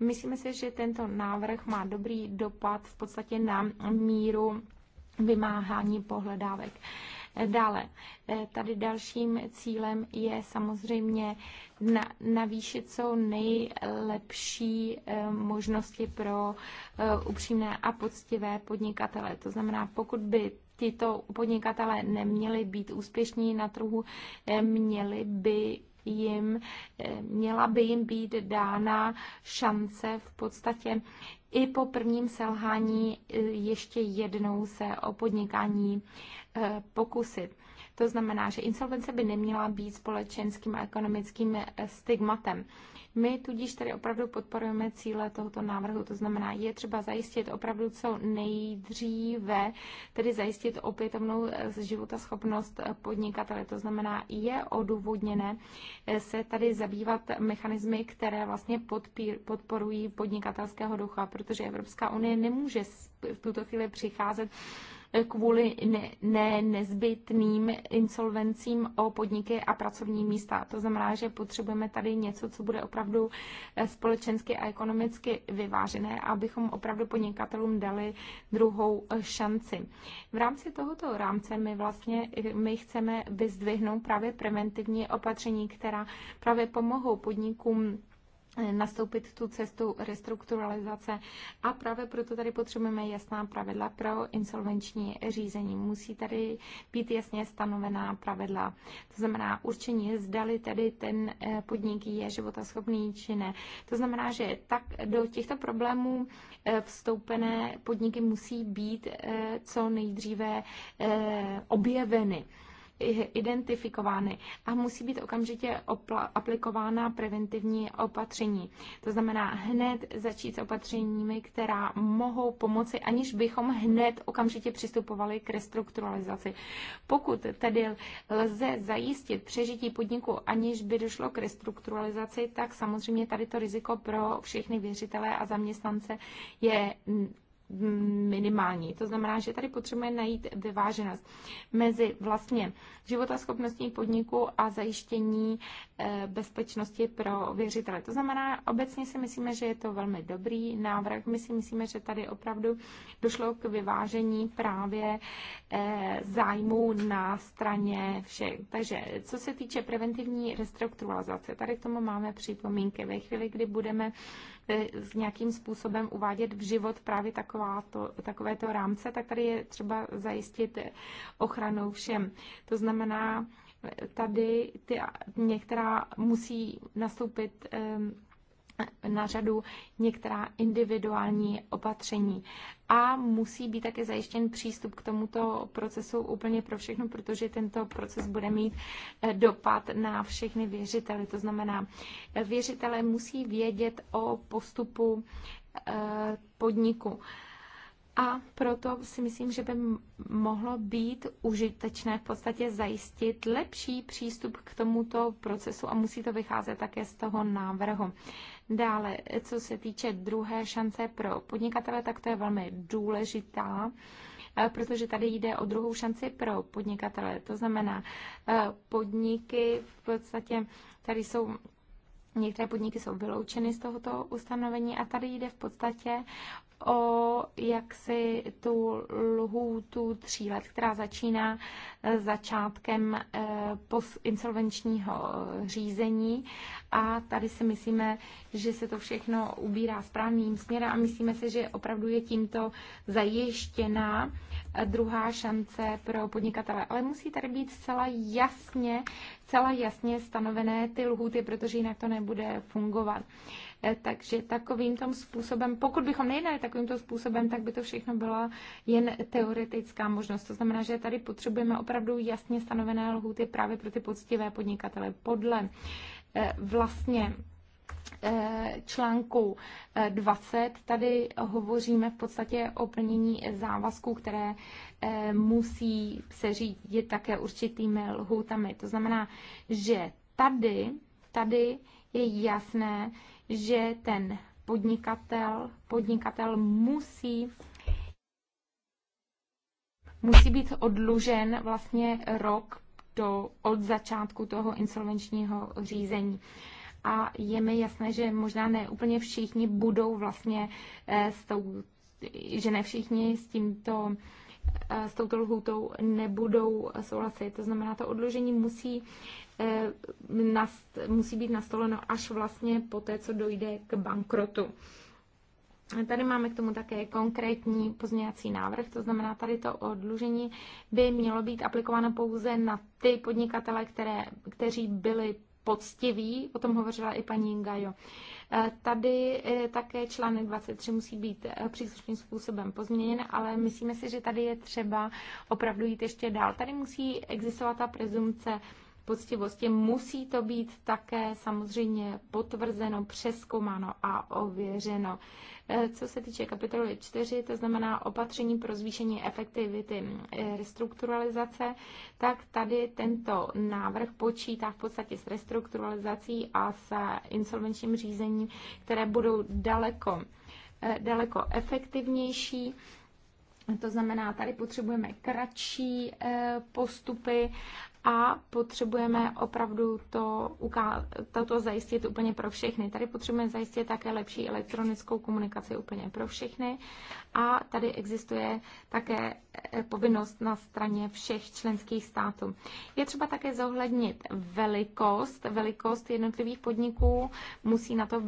Myslíme si, že že tento návrh má dobrý dopad v podstatě na míru vymáhání pohledávek. Dále, eh, tady dalším cílem je samozřejmě na, navýšit co nejlepší eh, možnosti pro eh, upřímné a poctivé podnikatele. To znamená, pokud by tyto podnikatele neměli být úspěšní na trhu, měli by jim, eh, měla by jim být dána šance v podstatě i po prvním selhání eh, ještě jednou se o podnikání eh, pokusit. To znamená, že insolvence by neměla být společenským a ekonomickým stigmatem. My tudíž tady opravdu podporujeme cíle tohoto návrhu, to znamená, je třeba zajistit opravdu co nejdříve, tedy zajistit opětovnou eh, životaschopnost eh, podnikatele. To znamená, je odůvodněné eh, se tady zabývat mechanismy, které vlastně podpír, podporují podnikatelského ducha, protože Evropská unie nemůže v tuto chvíli přicházet kvůli ne, ne nezbytným insolvencím o podniky a pracovní místa. To znamená, že potřebujeme tady něco, co bude opravdu eh, společensky a ekonomicky vyvážené, abychom opravdu podnikatelům dali druhou eh, šanci. V rámci tohoto rámce my vlastně eh, my chceme vyzdvihnout právě preventivní opatření, která právě pomohou podnikům nastoupit tu cestu restrukturalizace a právě proto tady potřebujeme jasná pravidla pro insolvenční řízení. Musí tady být jasně stanovená pravidla. To znamená určení, zdali tedy ten eh, podnik je životaschopný či ne. To znamená, že tak do těchto problémů eh, vstoupené podniky musí být eh, co nejdříve objeveny identifikovány a musí být okamžitě aplikována preventivní opatření. To znamená hned začít s opatřeními, která mohou pomoci, aniž bychom hned okamžitě přistupovali k restrukturalizaci. Pokud tedy lze zajistit přežití podniku, aniž by došlo k restrukturalizaci, tak samozřejmě tady to riziko pro všechny věřitele a zaměstnance je minimální. To znamená, že tady potřebujeme najít vyváženost mezi vlastně životaschopností podniku a zajištění eh, bezpečnosti pro věřitele. To znamená, obecně si myslíme, že je to velmi dobrý návrh. My si myslíme, že tady opravdu došlo k vyvážení právě eh, zájmů na straně všech. Takže co se týče preventivní restrukturalizace, tady k tomu máme připomínky. Ve chvíli, kdy budeme E, s nějakým způsobem uvádět v život právě takováto, takovéto rámce, tak tady je třeba zajistit ochranu všem. To znamená, e, tady ty, některá musí nastoupit Eh, na řadu některá individuální opatření. A musí být také zajištěn přístup k tomuto procesu úplně pro všechno, protože tento proces bude mít eh, dopad na všechny věřitele. To znamená, eh, věřitele musí vědět o postupu podniku a proto si myslím, že by mohlo být užitečné v podstatě zajistit lepší přístup k tomuto procesu a musí to vycházet také z toho návrhu. Dále, co se týče druhé šance pro podnikatele, tak to je velmi důležitá eh, protože tady jde o druhou šanci pro podnikatele. To znamená, eh, podniky v podstatě tady jsou Některé podniky jsou vyloučeny z tohoto ustanovení a tady jde v podstatě o jaksi tu lhůtu tří let, která začíná eh, začátkem eh, insolvenčního eh, řízení. A tady si myslíme, že se to všechno ubírá správným směrem a myslíme si, že opravdu je tímto zajištěná druhá šance pro podnikatele. Ale musí tady být zcela jasně, celá jasně stanovené ty lhůty, protože jinak to nebude bude fungovat. Eh, takže takovým tom způsobem, pokud bychom nejednali takovýmto způsobem, tak by to všechno byla jen teoretická možnost. To znamená, že tady potřebujeme opravdu jasně stanovené lhuty právě pro ty poctivé podnikatele. Podle eh, vlastně eh, článku 20 tady hovoříme v podstatě o plnění závazků, které musí se řídit také určitými lhůtami. To znamená, že tady, tady je jasné, že ten podnikatel, podnikatel musí musí být odlužen vlastně rok do, od začátku toho insolvenčního řízení. A je mi jasné, že možná ne úplně všichni budou vlastně eh, s tou, že ne všichni s tímto eh, s touto lhůtou nebudou souhlasit. To znamená, to odložení musí Eh, musí být nastoleno až vlastně po té, co dojde k bankrotu. Tady máme k tomu také konkrétní pozměňovací návrh, to znamená, tady to odlužení by mělo být aplikováno pouze na ty podnikatele, které, kteří byli poctiví, o tom hovořila i paní Gajo. Eh, tady eh, také článek 23 musí být příslušným způsobem pozměněn, ale myslíme si, že tady je třeba opravdu jít ještě dál. Tady musí existovat ta prezumce poctivosti. Musí to být také samozřejmě potvrzeno, přeskoumáno a ověřeno. E, co se týče kapitoly 4, to znamená opatření pro zvýšení efektivity e, restrukturalizace, tak tady tento návrh počítá v podstatě s restrukturalizací a s insolvenčním řízením, které budou daleko, e, daleko efektivnější. To znamená, tady potřebujeme kratší postupy a potřebujeme opravdu to, toto zajistit úplně pro všechny. Tady potřebujeme zajistit také lepší elektronickou komunikaci úplně pro všechny a tady existuje také eh, povinnost na straně všech členských států. Je třeba také zohlednit velikost. Velikost jednotlivých podniků musí na to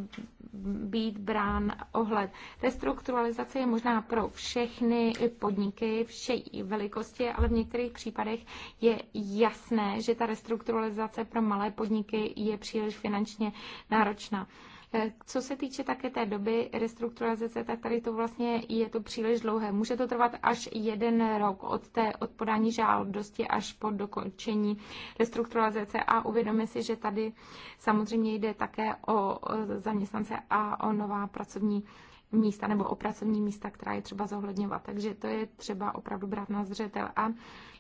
být brán ohled. Restrukturalizace je možná pro všechny podniky, všejí velikosti, ale v některých případech je jasné, jasné, že ta restrukturalizace pro malé podniky je příliš finančně náročná. Eh, co se týče také té doby restrukturalizace, tak tady to vlastně je to příliš dlouhé. Může to trvat až jeden rok od, té, odpodání žádosti až po dokončení restrukturalizace a uvědomí si, že tady samozřejmě jde také o zaměstnance a o nová pracovní místa nebo o pracovní místa, která je třeba zohledňovat. Takže to je třeba opravdu brát na zřetel. A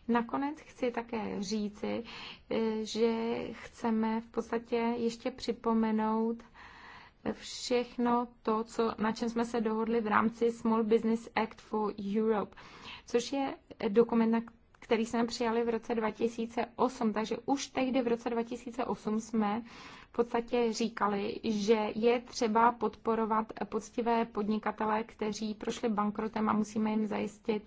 Nakonec chci také říci, eh, že chceme v podstatě ještě připomenout všechno to, co, na čem jsme se dohodli v rámci Small Business Act for Europe, což je dokument, který jsme přijali v roce 2008. Takže už tehdy v roce 2008 jsme v podstatě říkali, že je třeba podporovat poctivé podnikatele, kteří prošli bankrotem a musíme jim zajistit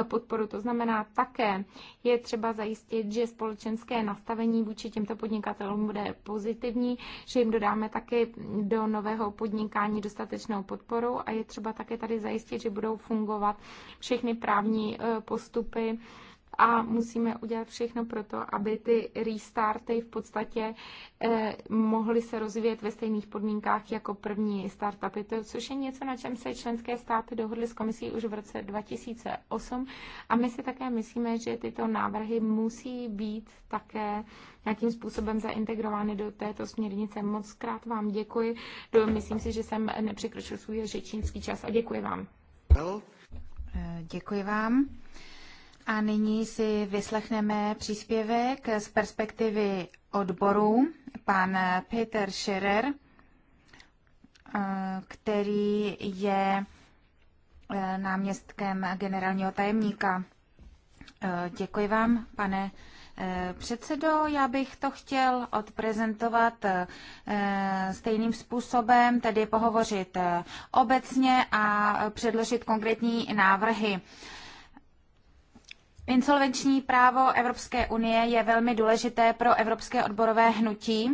eh, podporu. To znamená také je třeba zajistit, že společenské nastavení vůči těmto podnikatelům bude pozitivní, že jim dodáme také do nového podnikání dostatečnou podporu a je třeba také tady zajistit, že budou fungovat všechny právní eh, postupy, a musíme udělat všechno pro to, aby ty restarty v podstatě eh, mohly se rozvíjet ve stejných podmínkách jako první startupy, to, což je něco, na čem se členské státy dohodly s komisí už v roce 2008 a my si také myslíme, že tyto návrhy musí být také nějakým způsobem zaintegrovány do této směrnice. Moc krát vám děkuji. Myslím si, že jsem nepřekročil svůj řečnický čas a děkuji vám. Eh, děkuji vám. A nyní si vyslechneme příspěvek z perspektivy odboru pan Peter Scherer, eh, který je eh, náměstkem generálního tajemníka. Eh, děkuji vám, pane předsedo. Já bych to chtěl odprezentovat stejným způsobem, tedy pohovořit obecně a předložit konkrétní návrhy. Insolvenční právo Evropské unie je velmi důležité pro evropské odborové hnutí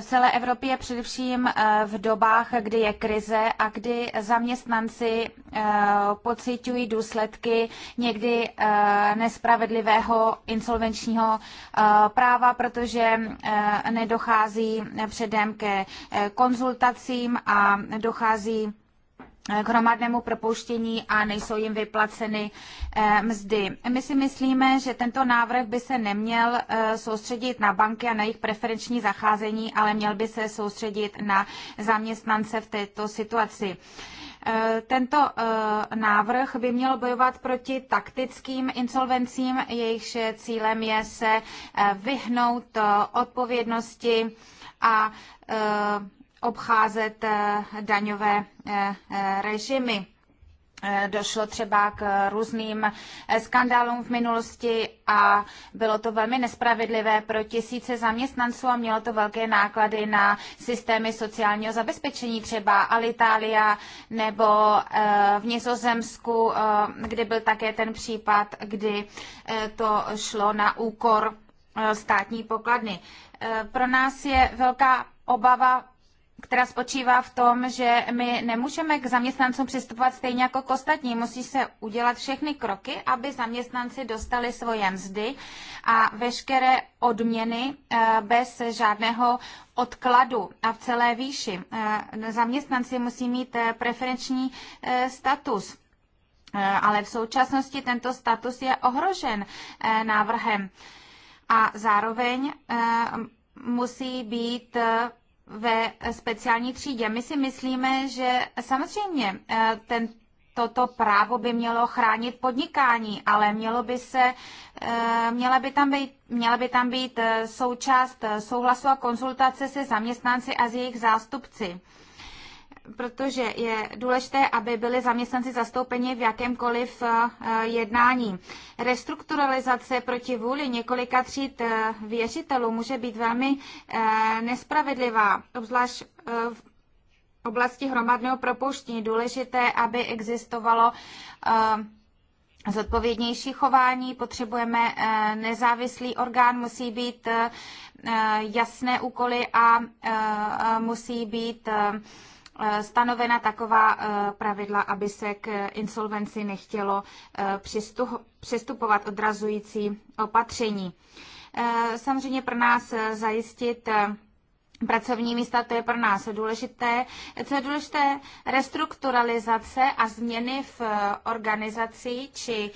v celé Evropě, především eh, v dobách, kdy je krize a kdy zaměstnanci eh, pocitují důsledky někdy eh, nespravedlivého insolvenčního práva, protože nedochází předem ke konzultacím a dochází Eh, k hromadnému propouštění a nejsou jim vyplaceny eh, mzdy. My si myslíme, že tento návrh by se neměl eh, soustředit na banky a na jejich preferenční zacházení, ale měl by se soustředit na zaměstnance v této situaci. Tento návrh by měl bojovat proti taktickým insolvencím, jejichž cílem je se vyhnout odpovědnosti a obcházet eh, daňové eh, eh, režimy. Došlo třeba k různým skandálům v minulosti a bylo to velmi nespravedlivé pro tisíce zaměstnanců a mělo to velké náklady na systémy sociálního zabezpečení, třeba Alitalia nebo v Nizozemsku, kde byl také ten případ, kdy to šlo na úkor státní pokladny. Pro nás je velká obava která spočívá v tom, že my nemůžeme k zaměstnancům přistupovat stejně jako k ostatním. Musí se udělat všechny kroky, aby zaměstnanci dostali svoje mzdy a veškeré odměny eh, bez žádného odkladu a v celé výši. Eh, zaměstnanci musí mít eh, preferenční status. Ale v současnosti tento status je ohrožen návrhem. A zároveň musí být ve speciální třídě. My si myslíme, že samozřejmě eh, ten, toto právo by mělo chránit podnikání, ale mělo by se, eh, měla by tam být, měla by tam být eh, součást souhlasu a konzultace se zaměstnanci a s jejich zástupci protože je důležité, aby byli zaměstnanci zastoupeni v jakémkoliv eh, jednání. Restrukturalizace proti vůli několika tříd eh, věřitelů může být velmi eh, nespravedlivá, obzvlášť v oblasti hromadného propouštění. Důležité, aby existovalo zodpovědnější chování, potřebujeme nezávislý orgán, musí být jasné úkoly a musí být Eh, stanovena taková eh, pravidla, aby se k insolvenci nechtělo eh, přistupovat odrazující opatření. Samozřejmě pro nás zajistit pracovní místa, to je pro nás důležité. Co je důležité, restrukturalizace a změny v organizaci či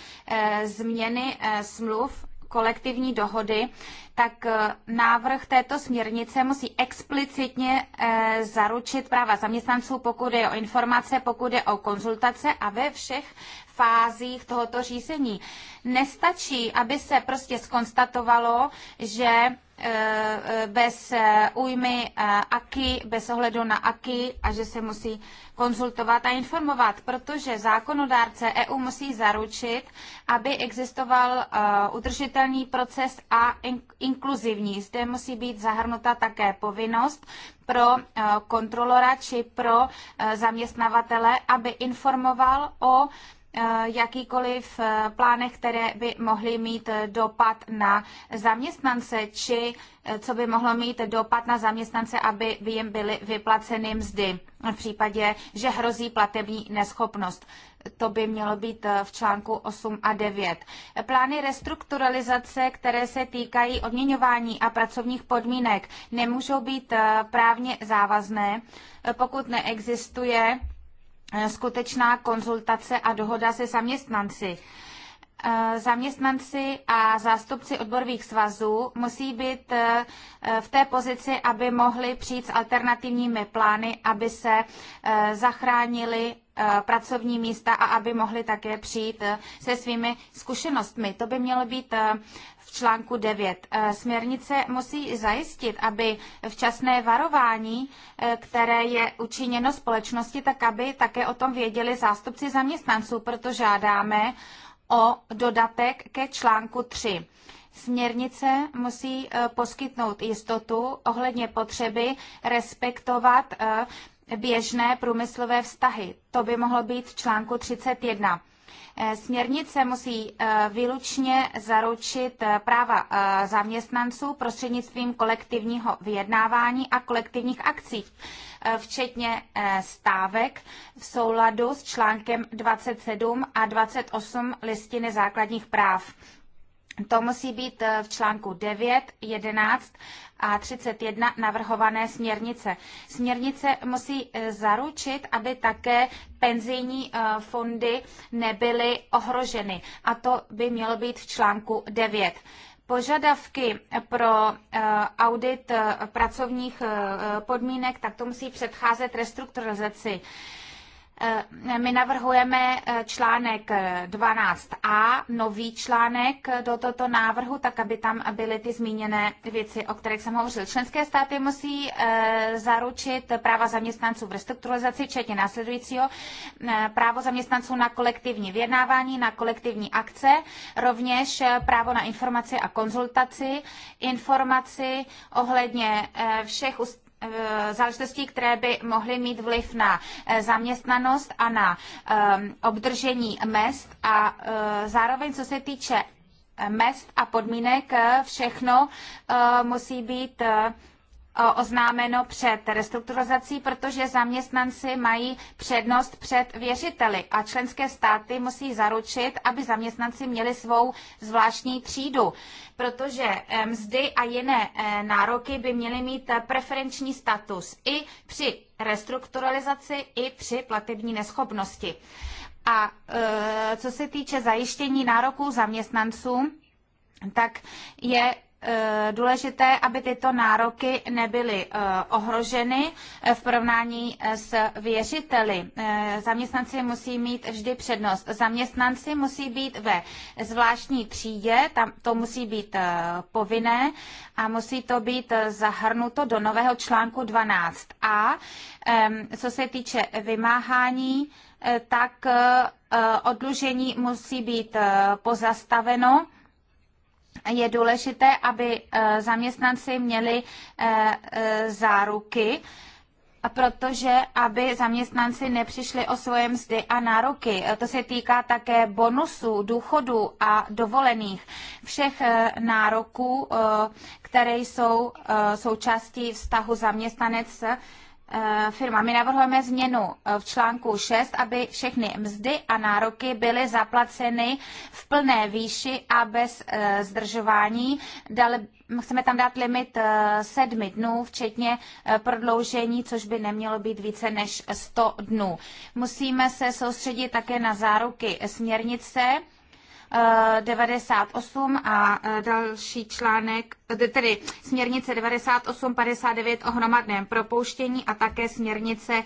změny smluv kolektivní dohody, tak eh, návrh této směrnice musí explicitně eh, zaručit práva zaměstnanců, pokud je o informace, pokud je o konzultace a ve všech fázích tohoto řízení. Nestačí, aby se prostě skonstatovalo, že e, e, bez e, újmy AKY, bez ohledu na AKY a že se musí konzultovat a informovat, protože zákonodárce EU musí zaručit, aby existoval udržitelný proces a inkluzivní. Zde musí být zahrnuta také povinnost pro kontrolora či pro zaměstnavatele, aby informoval o Eh, jakýkoliv eh, plánech, které by mohly mít eh, dopad na zaměstnance, či co by mohlo mít dopad na zaměstnance, aby by jim byly vyplaceny mzdy v případě, že hrozí platební neschopnost. To by mělo být v článku 8 a 9. Plány restrukturalizace, které se týkají odměňování a pracovních podmínek, nemůžou být právně závazné, pokud neexistuje Eh, skutečná konzultace a dohoda se zaměstnanci. Eh, zaměstnanci a zástupci odborových svazů musí být eh, v té pozici, aby mohli přijít s alternativními plány, aby se zachránili pracovní místa a aby mohli také přijít se svými zkušenostmi. To by mělo být v článku 9. Eh, směrnice musí zajistit, aby včasné varování, eh, které je učiněno společnosti, tak aby také o tom věděli zástupci zaměstnanců, proto žádáme o dodatek ke článku 3. Směrnice musí eh, poskytnout jistotu ohledně potřeby respektovat běžné průmyslové vztahy. To by mohlo být v článku 31. Eh, směrnice musí eh, výlučně zaručit eh, práva zaměstnanců prostřednictvím kolektivního vyjednávání a kolektivních akcí, včetně stávek v souladu s článkem 27 a 28 listiny základních práv. To musí být eh, v článku 9, 11 a 31 navrhované směrnice. Směrnice musí eh, zaručit, aby také penzijní eh, fondy nebyly ohroženy. A to by mělo být v článku 9 požadavky pro audit pracovních podmínek, tak to musí předcházet restrukturalizaci. Eh, my navrhujeme eh, článek 12a, eh, nový článek do tohoto návrhu, tak aby tam byly ty zmíněné věci, o kterých jsem hovořil. Členské státy musí zaručit práva zaměstnanců v restrukturalizaci, včetně následujícího, právo zaměstnanců na kolektivní vyjednávání, na kolektivní akce, rovněž právo na informaci a konzultaci, informaci ohledně všech Eh, záležitostí, které by mohly mít vliv na eh, zaměstnanost a na ehm, obdržení mest a eh, zároveň, co se týče mest a podmínek, všechno musí být oznámeno před restrukturalizací, protože zaměstnanci mají přednost před věřiteli a členské státy musí zaručit, aby zaměstnanci měli svou zvláštní třídu, protože eh, mzdy a jiné eh, nároky by měly mít eh, preferenční status i při restrukturalizaci, i při platební neschopnosti. A co se týče zajištění nároků zaměstnanců, tak je Eh, důležité, aby tyto nároky nebyly eh, ohroženy eh, v porovnání s věřiteli. Zaměstnanci musí mít vždy přednost. Zaměstnanci musí být ve zvláštní třídě, tam to musí být povinné a musí to být zahrnuto do nového článku 12a. Co se týče vymáhání, tak odlužení musí být pozastaveno je důležité, aby eh, zaměstnanci měli eh, eh, záruky, protože aby zaměstnanci nepřišli o svoje mzdy a nároky. To se týká také bonusů, důchodů a dovolených. Všech nároků, které jsou součástí vztahu zaměstnanec Eh, firma. My navrhujeme změnu eh, v článku 6, aby všechny mzdy a nároky byly zaplaceny v plné výši a bez eh, zdržování. Dále chceme tam dát limit sedmi dnů, včetně prodloužení, což by nemělo být více než 100 dnů. Musíme se soustředit také na záruky směrnice 98 a e, další článek, e, tedy směrnice 9859 o hromadném propouštění a také směrnice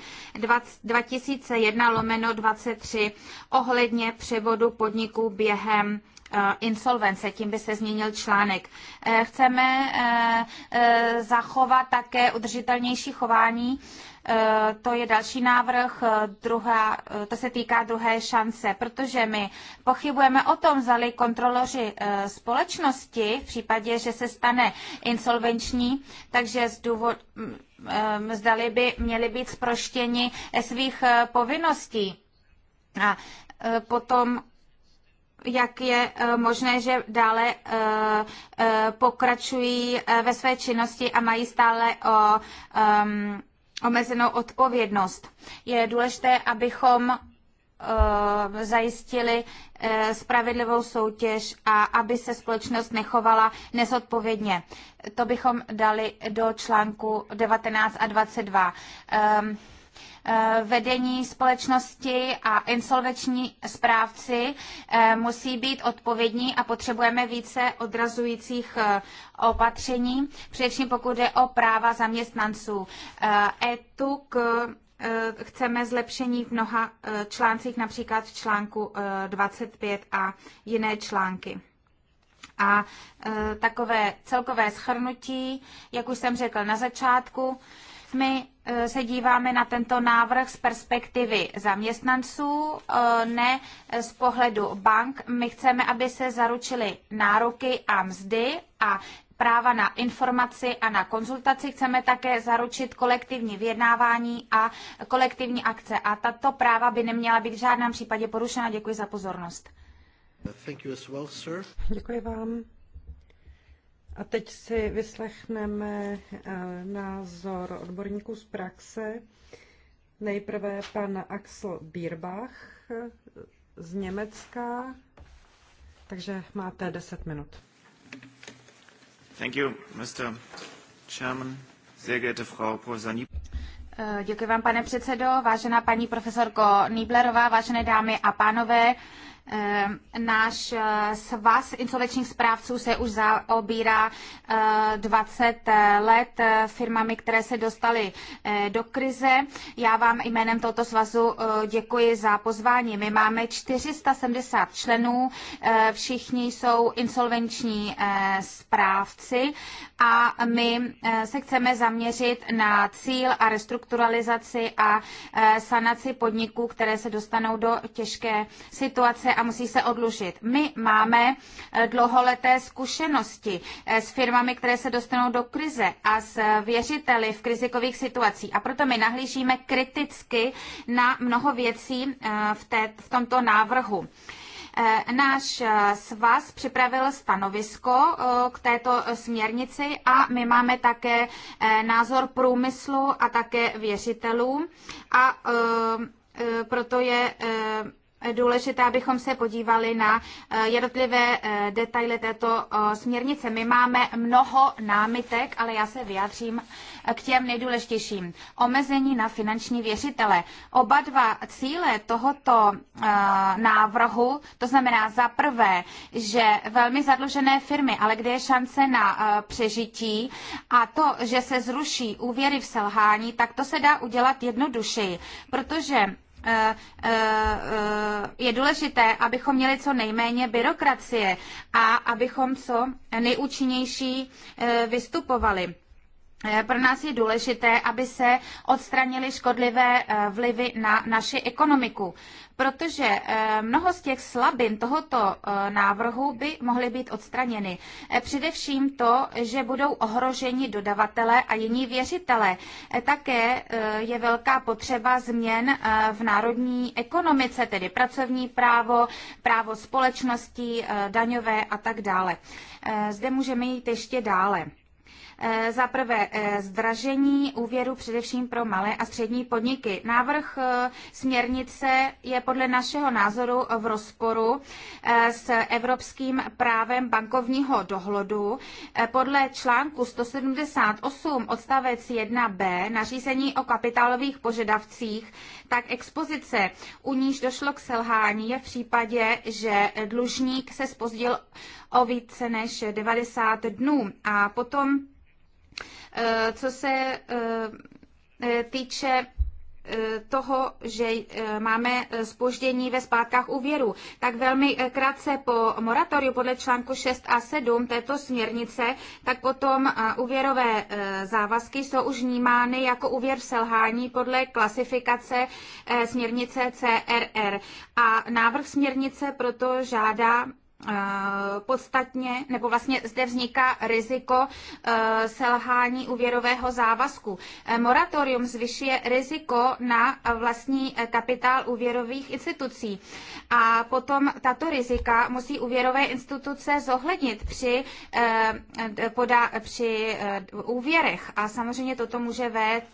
2001 lomeno 23 ohledně převodu podniků během e, insolvence, tím by se změnil článek. Chceme zachovat také udržitelnější chování Eh, to je další návrh, eh, druhá, eh, to se týká druhé šance, protože my pochybujeme o tom, zali kontroloři společnosti v případě, že se stane insolvenční, takže z důvod, mm, zdali by měli být zproštěni svých povinností. A potom jak je možné, že dále pokračují ve své činnosti a mají stále o ehm, omezenou odpovědnost. Je důležité, abychom eh, zajistili eh, spravedlivou soutěž a aby se společnost nechovala nezodpovědně. To bychom dali do článku 19 a 22. Eh, vedení společnosti a insolveční správci eh, musí být odpovědní a potřebujeme více odrazujících eh, opatření, především pokud jde o práva zaměstnanců. ETUK chceme zlepšení v mnoha článcích, například v článku 25 a jiné články. A takové celkové schrnutí, jak už jsem řekl na začátku, my eh, se díváme na tento návrh z perspektivy zaměstnanců, eh, ne eh, z pohledu bank. My chceme, aby se zaručily nároky a mzdy a práva na informaci a na konzultaci. Chceme také zaručit kolektivní vyjednávání a kolektivní akce. A tato práva by neměla být v žádném případě porušena. Děkuji za pozornost. Well, Děkuji vám. A teď si vyslechneme eh, názor odborníků z praxe. Nejprve pan Axel Bierbach eh, z Německa. Takže máte 10 minut. Thank you, Mr. Chairman. Sehr geehrte Frau eh, Děkuji vám, pane předsedo, vážená paní profesorko Nýblerová, vážené dámy a pánové. Ehm, náš eh, svaz insolvenčních správců se už zaobírá 20 eh, let eh, firmami, které se dostaly do krize. Já vám jménem tohoto svazu děkuji za pozvání. My máme 470 členů, všichni jsou insolvenční správci a my se chceme zaměřit na cíl a restrukturalizaci a sanaci podniků, které se dostanou do těžké situace a musí se odlužit. My máme eh, dlouholeté zkušenosti eh, s firmami, které se dostanou do krize a s věřiteli v krizikových situacích. A proto my nahlížíme kriticky na mnoho věcí eh, v, té, v tomto návrhu. Náš svaz připravil stanovisko k této směrnici a my máme také názor průmyslu a také věřitelů a proto je důležité, abychom se podívali na eh, jednotlivé eh, detaily této eh, směrnice. My máme mnoho námitek, ale já se vyjádřím k těm nejdůležitějším. Omezení na finanční věřitele. Oba dva cíle tohoto návrhu, to znamená za prvé, že velmi zadlužené firmy, ale kde je šance na přežití a to, že se zruší úvěry v selhání, tak to se dá udělat jednodušeji, protože je důležité, abychom měli co nejméně byrokracie a abychom co nejúčinnější eh, vystupovali. Eh, pro nás je důležité, aby se odstranily škodlivé eh, vlivy na naši ekonomiku, protože eh, mnoho z těch slabin tohoto návrhu by mohly být odstraněny. Především to, že budou ohroženi dodavatelé a jiní věřitelé. Také je velká potřeba změn v národní ekonomice, tedy pracovní právo, právo společností, daňové a tak dále. Zde můžeme jít ještě dále. Eh, za prvé eh, zdražení úvěru především pro malé a střední podniky. Návrh eh, směrnice je podle našeho názoru v rozporu s evropským právem bankovního dohledu. Podle článku 178 odstavec 1b nařízení o kapitálových požadavcích, tak expozice, u níž došlo k selhání, je v případě, že dlužník se spozdil o více než 90 dnů. A potom Eh, co se eh, eh, týče toho, že máme spoždění ve splátkách úvěru. Tak velmi krátce po moratoriu podle článku 6 a 7 této směrnice, tak potom úvěrové závazky jsou už vnímány jako úvěr v selhání podle klasifikace směrnice CRR. A návrh směrnice proto žádá Eh, podstatně, nebo vlastně zde vzniká riziko eh, selhání úvěrového závazku. Eh, moratorium zvyšuje riziko na vlastní kapitál úvěrových institucí. A potom tato rizika musí úvěrové instituce zohlednit při, poda, při úvěrech. A samozřejmě toto může vést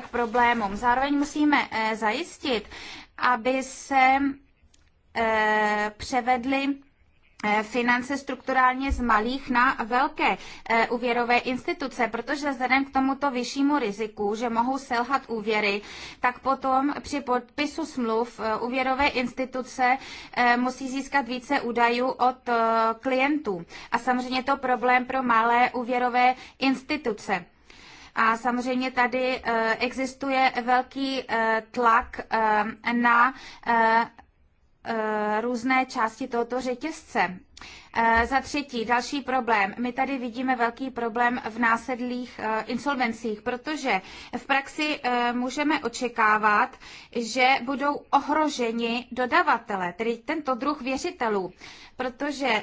k problémům. Zároveň musíme zajistit, aby se převedly Eh, finance strukturálně z malých na velké eh, úvěrové instituce, protože vzhledem k tomuto vyššímu riziku, že mohou selhat úvěry, tak potom při podpisu smluv eh, úvěrové instituce musí získat více údajů od klientů. A samozřejmě to problém pro malé úvěrové instituce. A samozřejmě tady existuje velký tlak na Eh, různé části tohoto řetězce. Eh, za třetí, další problém. My tady vidíme velký problém v následlých eh, insolvencích, protože v praxi můžeme očekávat, že budou ohroženi dodavatele, tedy tento druh věřitelů, protože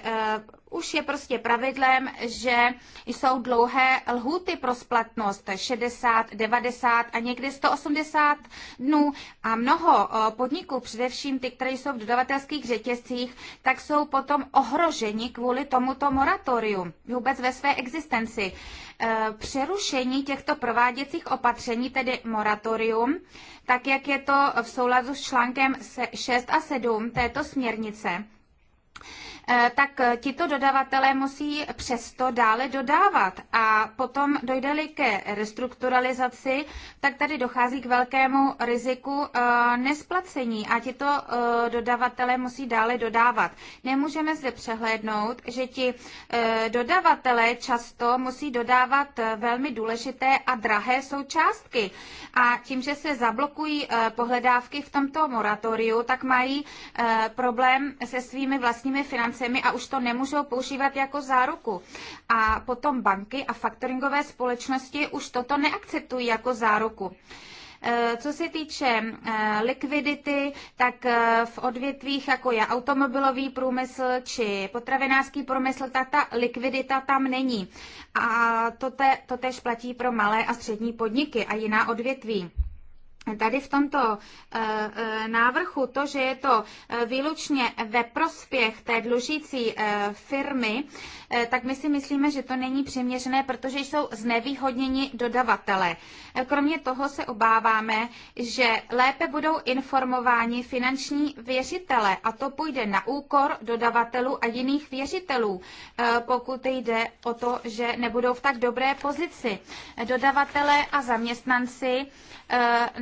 už je prostě pravidlem, že jsou dlouhé lhuty pro splatnost 60, 90 a někdy 180 dnů a mnoho podniků, především ty, které jsou v dodavatelských řetězcích, tak jsou potom ohroženi kvůli tomuto moratoriu vůbec ve své existenci. E, přerušení těchto prováděcích opatření, tedy moratorium, tak jak je to v souladu s článkem 6 a 7 této směrnice, Eh, tak eh, tito dodavatelé musí přesto dále dodávat. A potom dojde-li ke restrukturalizaci, tak tady dochází k velkému riziku eh, nesplacení a tito dodavatelé musí dále dodávat. Nemůžeme zde přehlédnout, že ti dodavatelé často musí dodávat velmi důležité a drahé součástky. A tím, že se zablokují pohledávky v tomto moratoriu, tak mají problém se svými vlastními financemi financemi a už to nemůžou používat jako záruku. A potom banky a faktoringové společnosti už toto neakceptují jako záruku. E, co se týče e, likvidity, tak e, v odvětvích, jako je automobilový průmysl či potravinářský průmysl, tak ta likvidita tam není. A to, te, to tež platí pro malé a střední podniky a jiná odvětví. Tady v tomto eh, eh, návrhu to, že je to eh, výlučně ve prospěch té dlužící firmy, tak my si myslíme, že to není přiměřené, protože jsou znevýhodněni dodavatelé. Kromě toho se obáváme, že lépe budou informováni finanční věřitele a to půjde na úkor dodavatelů a jiných věřitelů, pokud jde o to, že nebudou v tak dobré pozici. Dodavatelé a zaměstnanci Eh,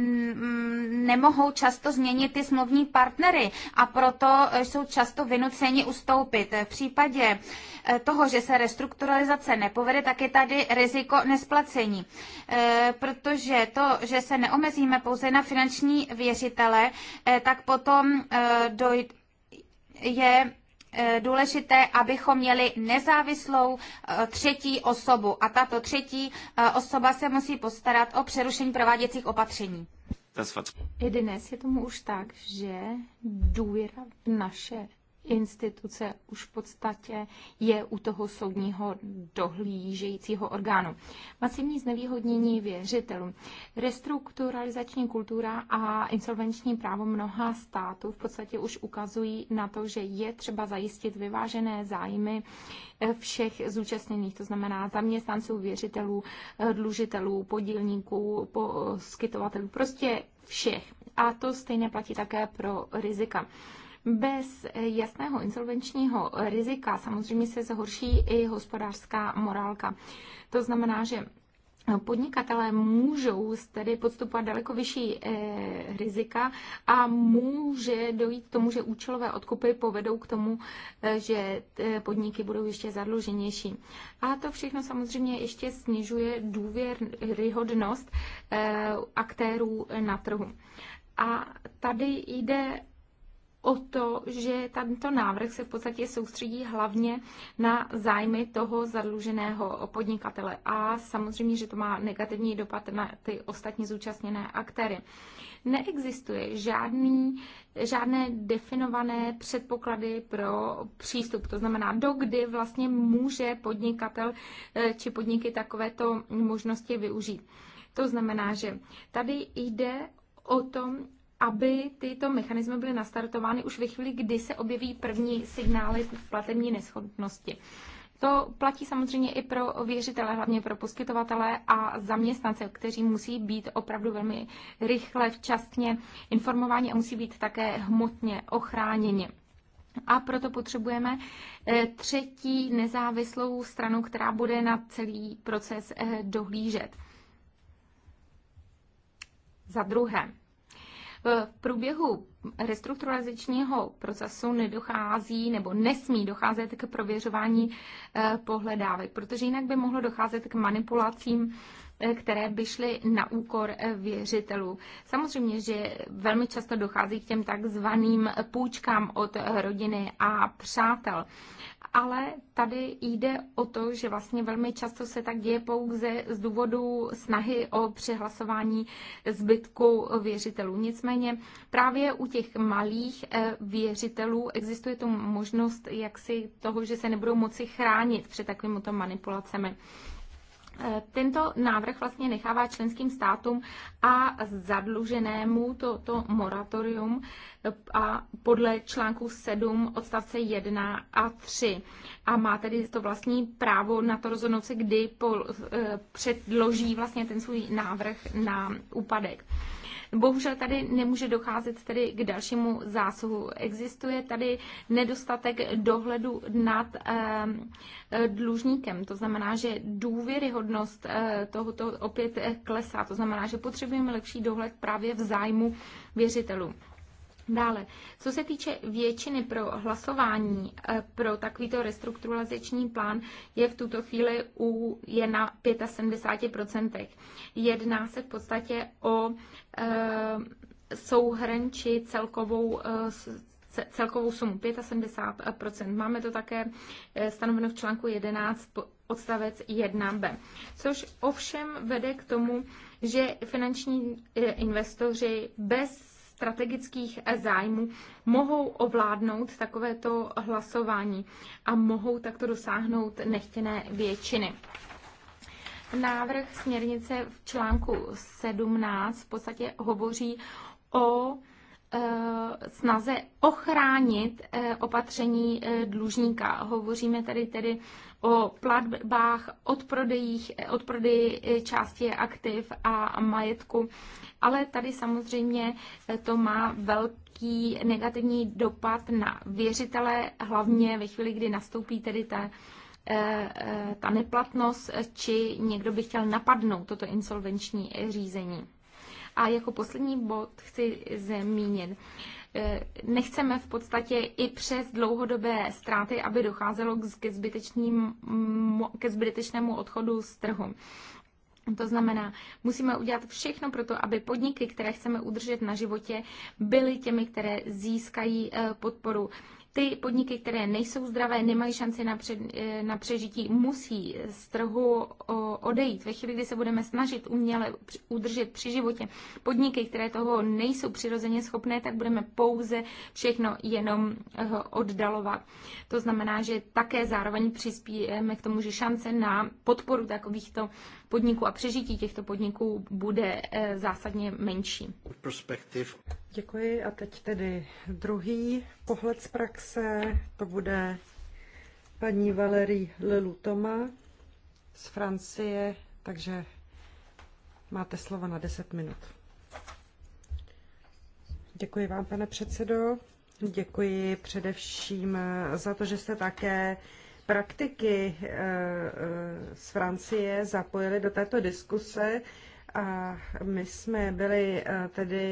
nemohou často změnit ty smluvní partnery a proto jsou často vynuceni ustoupit. V případě eh, toho, že se restrukturalizace nepovede, tak je tady riziko nesplacení. Eh, protože to, že se neomezíme pouze na finanční věřitele, tak potom dojde je Eh, důležité, abychom měli nezávislou eh, třetí osobu a tato třetí eh, osoba se musí postarat o přerušení prováděcích opatření. I dnes je tomu už tak, že důvěra v naše instituce už v podstatě je u toho soudního dohlížejícího orgánu. Masivní znevýhodnění věřitelů. Restrukturalizační kultura a insolvenční právo mnoha států v podstatě už ukazují na to, že je třeba zajistit vyvážené zájmy všech zúčastněných, to znamená zaměstnanců, věřitelů, dlužitelů, podílníků, poskytovatelů, prostě všech. A to stejně platí také pro rizika. Bez jasného insolvenčního rizika samozřejmě se zhorší i hospodářská morálka. To znamená, že podnikatelé můžou tedy podstupovat daleko vyšší eh, rizika a může dojít k tomu, že účelové odkupy povedou k tomu, eh, že eh, podniky budou ještě zadluženější. A to všechno samozřejmě ještě snižuje důvěryhodnost eh, aktérů na trhu. A tady jde o to, že tento návrh se v podstatě soustředí hlavně na zájmy toho zadluženého podnikatele a samozřejmě, že to má negativní dopad na ty ostatní zúčastněné aktéry. Neexistuje žádný, žádné definované předpoklady pro přístup, to znamená, dokdy vlastně může podnikatel eh, či podniky takovéto možnosti využít. To znamená, že tady jde o tom, aby tyto mechanismy byly nastartovány už ve chvíli, kdy se objeví první signály platební neschopnosti. To platí samozřejmě i pro věřitele, hlavně pro poskytovatele a zaměstnance, kteří musí být opravdu velmi rychle, včasně informováni a musí být také hmotně ochráněni. A proto potřebujeme eh, třetí nezávislou stranu, která bude na celý proces eh, dohlížet. Za druhé, v průběhu restrukturalizačního procesu nedochází nebo nesmí docházet k prověřování eh, pohledávek, protože jinak by mohlo docházet k manipulacím eh, které by šly na úkor eh, věřitelů. Samozřejmě, že velmi často dochází k těm takzvaným půjčkám od rodiny a přátel ale tady jde o to, že vlastně velmi často se tak děje pouze z důvodu snahy o přehlasování zbytku věřitelů. Nicméně právě u těch malých eh, věřitelů existuje tu možnost jaksi toho, že se nebudou moci chránit před takovýmito manipulacemi tento návrh vlastně nechává členským státům a zadluženému toto to moratorium a podle článku 7 odstavce 1 a 3 a má tedy to vlastní právo na to rozhodnout se, kdy po, eh, předloží vlastně ten svůj návrh na úpadek. Bohužel tady nemůže docházet tedy k dalšímu zásahu. Existuje tady nedostatek dohledu nad eh, dlužníkem. To znamená, že důvěryhodnost eh, tohoto opět klesá. To znamená, že potřebujeme lepší dohled právě v zájmu věřitelů. Dále, co se týče většiny pro hlasování eh, pro takovýto restrukturalizační plán, je v tuto chvíli u, je na 75%. Jedná se v podstatě o e, souhrn či celkovou e, celkovou sumu 75%. Máme to také stanoveno v článku 11 odstavec 1b, což ovšem vede k tomu, že finanční investoři bez strategických zájmů mohou ovládnout takovéto hlasování a mohou takto dosáhnout nechtěné většiny. Návrh směrnice v článku 17 v podstatě hovoří o Eh, snaze ochránit eh, opatření eh, dlužníka. Hovoříme tady tedy o platbách, odprodejích, odprodeji části aktiv a majetku, ale tady samozřejmě to má velký negativní dopad na věřitele, hlavně ve chvíli, kdy nastoupí tedy ta, ta neplatnost, či někdo by chtěl napadnout toto insolvenční řízení. A jako poslední bod chci zmínit eh, nechceme v podstatě i přes dlouhodobé ztráty, aby docházelo ke, ke zbytečnému odchodu z trhu. To znamená, musíme udělat všechno pro to, aby podniky, které chceme udržet na životě, byly těmi, které získají eh, podporu ty podniky, které nejsou zdravé, nemají šanci na, před, eh, na přežití, musí z trhu odejít. Ve chvíli, kdy se budeme snažit uměle udržet při životě podniky, které toho nejsou přirozeně schopné, tak budeme pouze všechno jenom eh, oddalovat. To znamená, že také zároveň přispíjeme k tomu, že šance na podporu takovýchto podniků a přežití těchto podniků bude eh, zásadně menší. Děkuji a teď tedy druhý pohled z praxe, to bude paní Valerie Lelutoma z Francie, takže máte slovo na 10 minut. Děkuji vám, pane předsedo. Děkuji především za to, že jste také praktiky eh, eh, z Francie zapojili do této diskuse a my jsme byli eh, tedy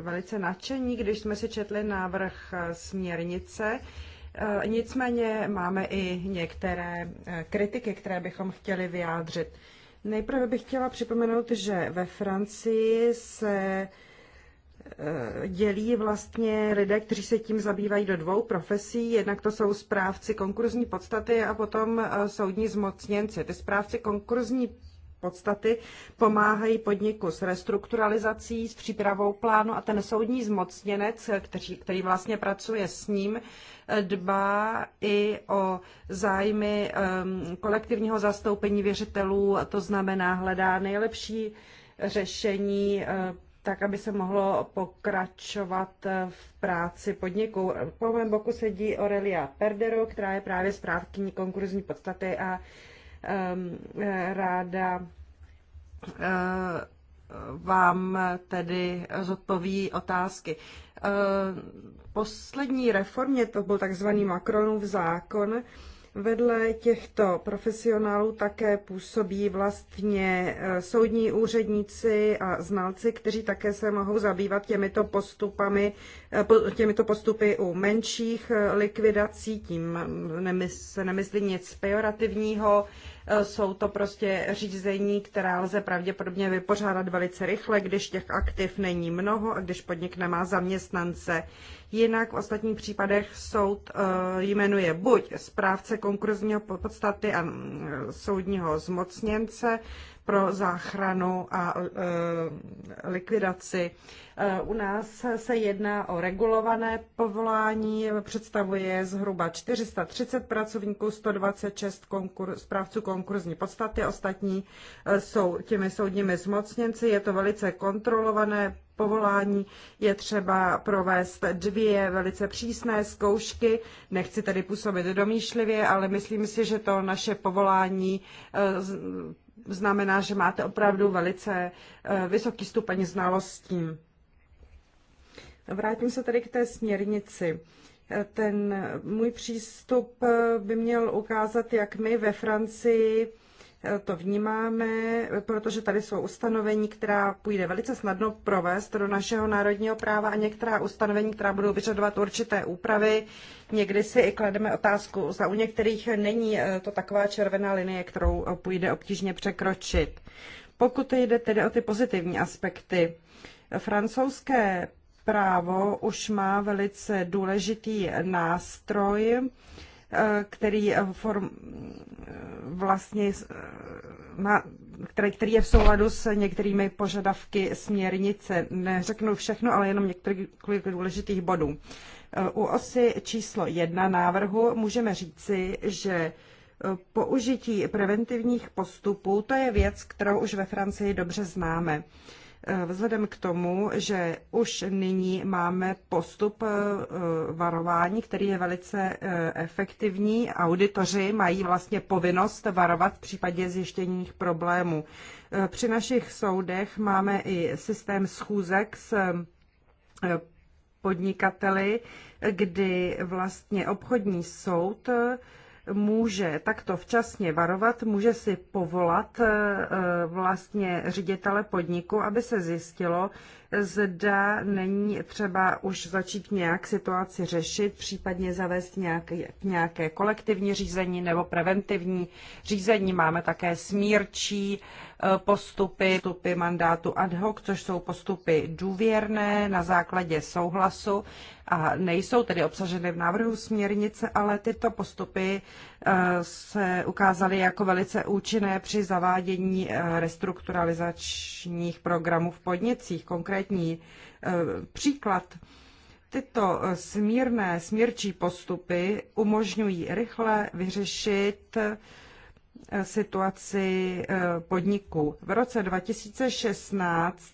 velice nadšení, když jsme si četli návrh směrnice. Nicméně máme i některé kritiky, které bychom chtěli vyjádřit. Nejprve bych chtěla připomenout, že ve Francii se Eh, dělí vlastně lidé, kteří se tím zabývají do dvou profesí. Jednak to jsou správci konkurzní podstaty a potom eh, soudní zmocněnci. Ty správci konkurzní podstaty pomáhají podniku s restrukturalizací, s přípravou plánu a ten soudní zmocněnec, eh, který, který vlastně pracuje s ním, dbá i o zájmy um, kolektivního zastoupení věřitelů, a to znamená hledá nejlepší řešení tak aby se mohlo pokračovat v práci podniku. Po mém boku sedí Aurelia Perdero, která je právě zprávkyní konkurzní podstaty a um, ráda uh, vám tedy zodpoví otázky. Uh, poslední reformě to byl takzvaný Macronův zákon, Vedle těchto profesionálů také působí vlastně eh, soudní úředníci a znalci, kteří také se mohou zabývat těmito, postupami, eh, těmito postupy u menších eh, likvidací, tím mm, se nemyslí nic pejorativního, jsou to prostě řízení, která lze pravděpodobně vypořádat velice rychle, když těch aktiv není mnoho a když podnik nemá zaměstnance. Jinak v ostatních případech soud eh, jmenuje buď správce konkurzního podstaty a mm, soudního zmocněnce, pro záchranu a e, likvidaci. E, u nás se jedná o regulované povolání, představuje zhruba 430 pracovníků, 126 konkur- správců konkurzní podstaty, ostatní e, jsou těmi soudními zmocněnci. Je to velice kontrolované povolání je třeba provést dvě velice přísné zkoušky. Nechci tady působit domýšlivě, ale myslím si, že to naše povolání znamená, že máte opravdu velice eh, vysoký stupeň znalostí. Vrátím se tedy k té směrnici. Eh, ten eh, můj přístup by měl ukázat, jak my ve Francii to vnímáme, protože tady jsou ustanovení, která půjde velice snadno provést do našeho národního práva a některá ustanovení, která budou vyžadovat určité úpravy. Někdy si i klademe otázku, za u některých není eh, to taková červená linie, kterou eh, půjde obtížně překročit. Pokud jde tedy o ty pozitivní aspekty, francouzské právo už má velice důležitý nástroj, který, form, vlastně, na, který, který je v souladu s některými požadavky směrnice. Neřeknu všechno, ale jenom několik důležitých bodů. U osy číslo jedna návrhu můžeme říci, že použití preventivních postupů, to je věc, kterou už ve Francii dobře známe. Vzhledem k tomu, že už nyní máme postup eh, varování, který je velice eh, efektivní, auditoři mají vlastně povinnost varovat v případě zjištěních problémů. Eh, při našich soudech máme i systém schůzek s podnikateli, kdy vlastně obchodní soud může takto včasně varovat, může si povolat eh, eh, vlastně ředitele podniku, aby se zjistilo, zda není třeba už začít nějak situaci řešit, případně zavést nějaké, nějaké kolektivní řízení nebo preventivní řízení. Máme také smírčí eh, postupy, postupy mandátu ad hoc, což jsou postupy důvěrné na základě souhlasu a nejsou tedy obsaženy v návrhu směrnice, ale tyto postupy Eh, se ukázaly jako velice účinné při zavádění eh, restrukturalizačních programů v podnicích. Konkrétní eh, příklad. Tyto smírné, smírčí postupy umožňují rychle vyřešit situaci podniků. V roce 2016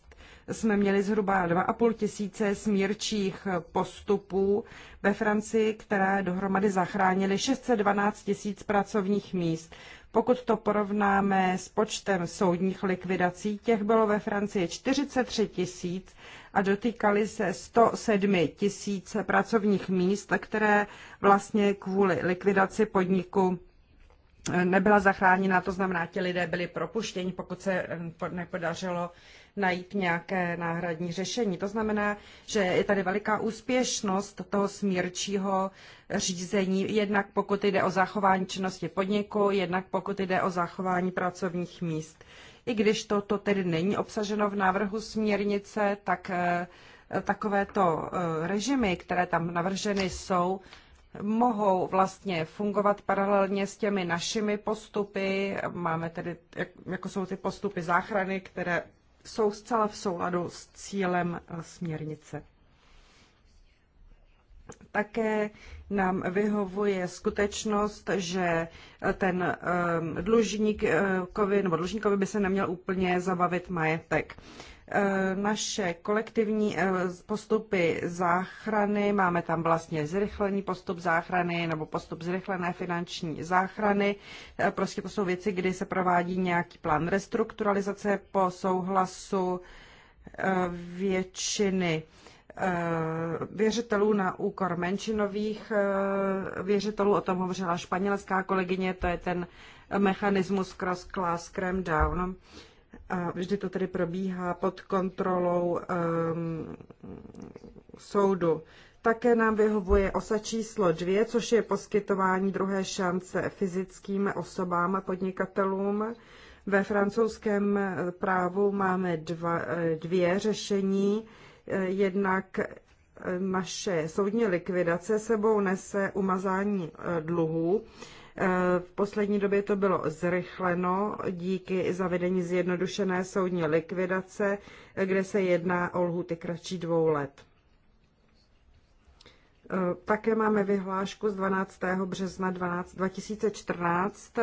jsme měli zhruba 2,5 tisíce smírčích postupů ve Francii, které dohromady zachránily 612 tisíc pracovních míst. Pokud to porovnáme s počtem soudních likvidací, těch bylo ve Francii 43 tisíc a dotýkali se 107 tisíc pracovních míst, které vlastně kvůli likvidaci podniku nebyla zachráněna, to znamená, ti lidé byli propuštěni, pokud se nepodařilo najít nějaké náhradní řešení. To znamená, že je tady veliká úspěšnost toho smírčího řízení, jednak pokud jde o zachování činnosti podniku, jednak pokud jde o zachování pracovních míst. I když toto tedy není obsaženo v návrhu směrnice, tak eh, takovéto eh, režimy, které tam navrženy jsou, mohou vlastně fungovat paralelně s těmi našimi postupy. Máme tedy, jako jsou ty postupy záchrany, které jsou zcela v souladu s cílem eh, směrnice. Také nám vyhovuje skutečnost, že eh, ten eh, dlužník, nebo dlužníkovi by se neměl úplně zabavit majetek. Eh, naše kolektivní eh, postupy záchrany, máme tam vlastně zrychlený postup záchrany nebo postup zrychlené finanční záchrany. Eh, prostě to jsou věci, kdy se provádí nějaký plán restrukturalizace po souhlasu většiny věřitelů na úkor menšinových věřitelů. O tom hovořila španělská kolegyně, to je ten mechanismus cross-class cram down a vždy to tedy probíhá pod kontrolou um, soudu. Také nám vyhovuje osa číslo dvě, což je poskytování druhé šance fyzickým osobám a podnikatelům. Ve francouzském eh, právu máme dva, eh, dvě řešení. Eh, jednak naše soudní likvidace sebou nese umazání dluhů Eh, v poslední době to bylo zrychleno díky zavedení zjednodušené soudní likvidace, eh, kde se jedná o lhuty kratší dvou let. Eh, také máme vyhlášku z 12. března 2014.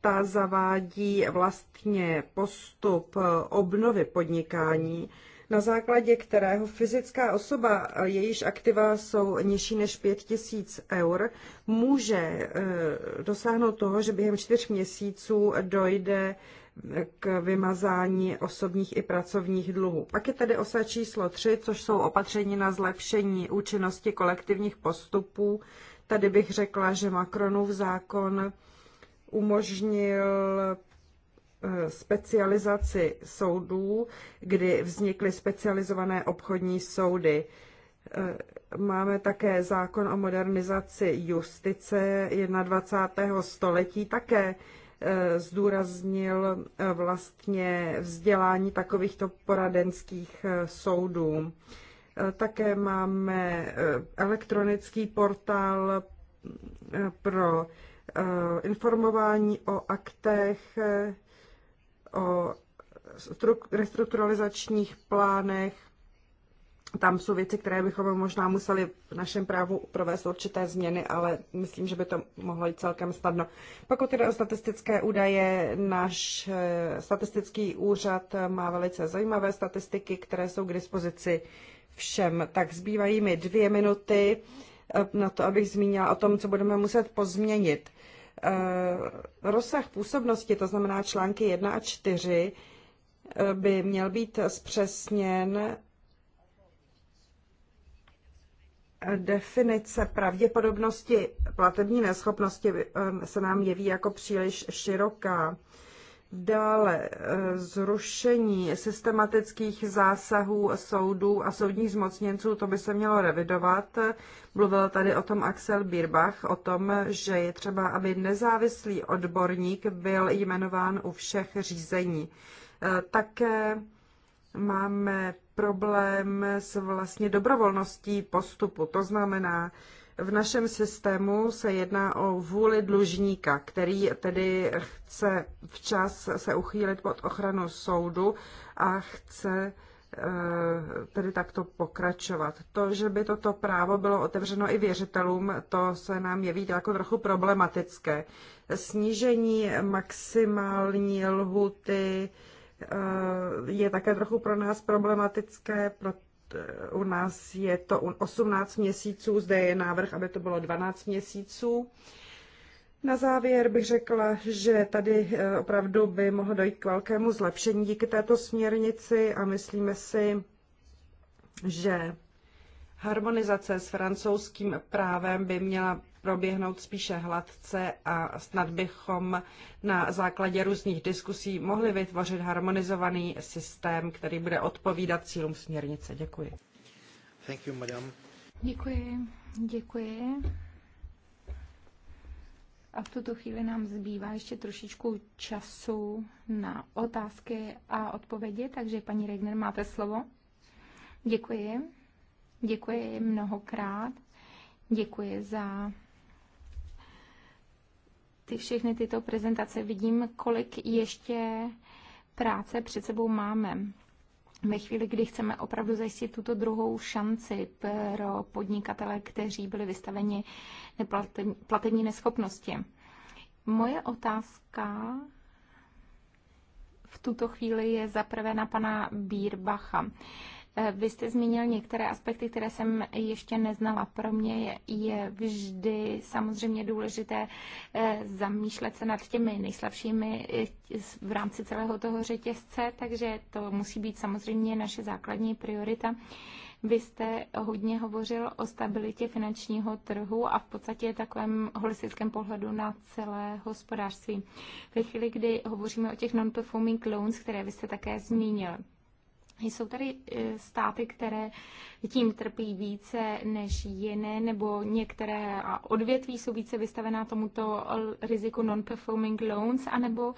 Ta zavádí vlastně postup obnovy podnikání na základě kterého fyzická osoba, eh, jejíž aktiva jsou nižší než 5000 eur, může eh, dosáhnout toho, že během čtyř měsíců dojde eh, k vymazání osobních i pracovních dluhů. Pak je tady osa číslo 3, což jsou opatření na zlepšení účinnosti kolektivních postupů. Tady bych řekla, že Macronův zákon umožnil Eh, specializaci soudů, kdy vznikly specializované obchodní soudy. Eh, máme také zákon o modernizaci justice 21. století, také eh, zdůraznil vlastně vzdělání takovýchto poradenských soudů. Také máme elektronický portál pro informování o aktech o restrukturalizačních plánech. Tam jsou věci, které bychom možná museli v našem právu provést určité změny, ale myslím, že by to mohlo jít celkem snadno. Pokud jde o statistické údaje, náš eh, statistický úřad má velice zajímavé statistiky, které jsou k dispozici všem. Tak zbývají mi dvě minuty eh, na to, abych zmínila o tom, co budeme muset pozměnit. Eh, rozsah působnosti, to znamená články 1 a 4, eh, by měl být zpřesněn definice pravděpodobnosti platební neschopnosti eh, se nám jeví jako příliš široká. Dále eh, zrušení systematických zásahů soudů a soudních zmocněnců, to by se mělo revidovat. Mluvil tady o tom Axel Birbach, o tom, že je třeba, aby nezávislý odborník byl jmenován u všech řízení. Eh, také máme problém s vlastně dobrovolností postupu. To znamená, v našem systému se jedná o vůli dlužníka, který tedy chce včas se uchýlit pod ochranu soudu a chce eh, tedy takto pokračovat. To, že by toto právo bylo otevřeno i věřitelům, to se nám jeví jako trochu problematické. Snížení maximální lhuty eh, je také trochu pro nás problematické, protože u nás je to 18 měsíců, zde je návrh, aby to bylo 12 měsíců. Na závěr bych řekla, že tady eh, opravdu by mohlo dojít k velkému zlepšení díky této směrnici a myslíme si, že harmonizace s francouzským právem by měla proběhnout spíše hladce a snad bychom na základě různých diskusí mohli vytvořit harmonizovaný systém, který bude odpovídat cílům směrnice. Děkuji. Thank you, madam. Děkuji, děkuji. A v tuto chvíli nám zbývá ještě trošičku času na otázky a odpovědi, takže paní Regner, máte slovo. Děkuji. Děkuji mnohokrát. Děkuji za ty všechny tyto prezentace vidím, kolik ještě práce před sebou máme. Ve chvíli, kdy chceme opravdu zajistit tuto druhou šanci pro podnikatele, kteří byli vystaveni platební neschopnosti. Moje otázka v tuto chvíli je zaprvé na pana Bírbacha. Eh, vy jste zmínil některé aspekty, které jsem ještě neznala. Pro mě je, je vždy samozřejmě důležité eh, zamýšlet se nad těmi nejslabšími eh, v rámci celého toho řetězce, takže to musí být samozřejmě naše základní priorita. Vy jste hodně hovořil o stabilitě finančního trhu a v podstatě takovém holistickém pohledu na celé hospodářství. Ve chvíli, kdy hovoříme o těch non-performing loans, které vy jste také zmínil, jsou tady e, státy, které tím trpí více než jiné, nebo některé odvětví jsou více vystavená tomuto riziku non-performing loans, anebo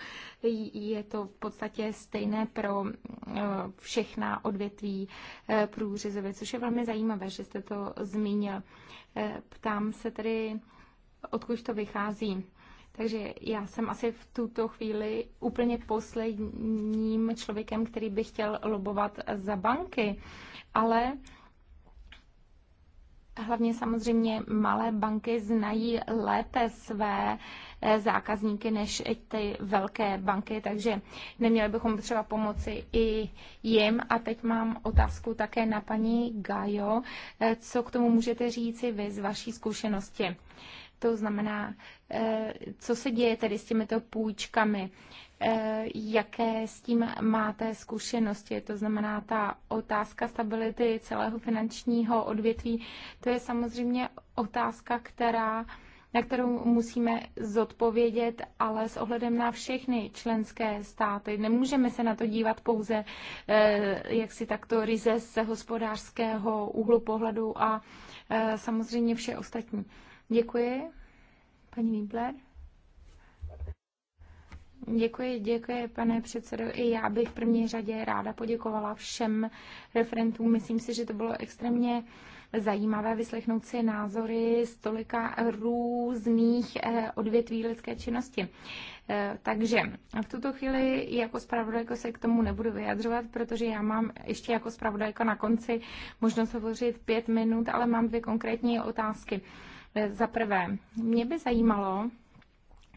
je to v podstatě stejné pro e, všechna odvětví e, průřezově, což je velmi zajímavé, že jste to zmínil. Ptám se tedy, odkud to vychází. Takže já jsem asi v tuto chvíli úplně posledním člověkem, který by chtěl lobovat za banky, ale Hlavně samozřejmě malé banky znají lépe své eh, zákazníky než ty velké banky, takže neměli bychom třeba pomoci i jim. A teď mám otázku také na paní Gajo. Eh, co k tomu můžete říci vy z vaší zkušenosti? To znamená, eh, co se děje tedy s těmito půjčkami, eh, jaké s tím máte zkušenosti, to znamená ta otázka stability celého finančního odvětví, to je samozřejmě otázka, která na kterou musíme zodpovědět, ale s ohledem na všechny členské státy. Nemůžeme se na to dívat pouze eh, jak si takto ryze z hospodářského úhlu pohledu a samozřejmě vše ostatní. Děkuji, paní Winkler. Děkuji, děkuji, pane předsedo. I já bych v první řadě ráda poděkovala všem referentům. Myslím si, že to bylo extrémně zajímavé vyslechnout si názory z tolika různých eh, odvětví lidské činnosti. Eh, takže v tuto chvíli jako zpravodajko se k tomu nebudu vyjadřovat, protože já mám ještě jako zpravodajka na konci možnost hovořit pět minut, ale mám dvě konkrétní otázky. E, za prvé, mě by zajímalo,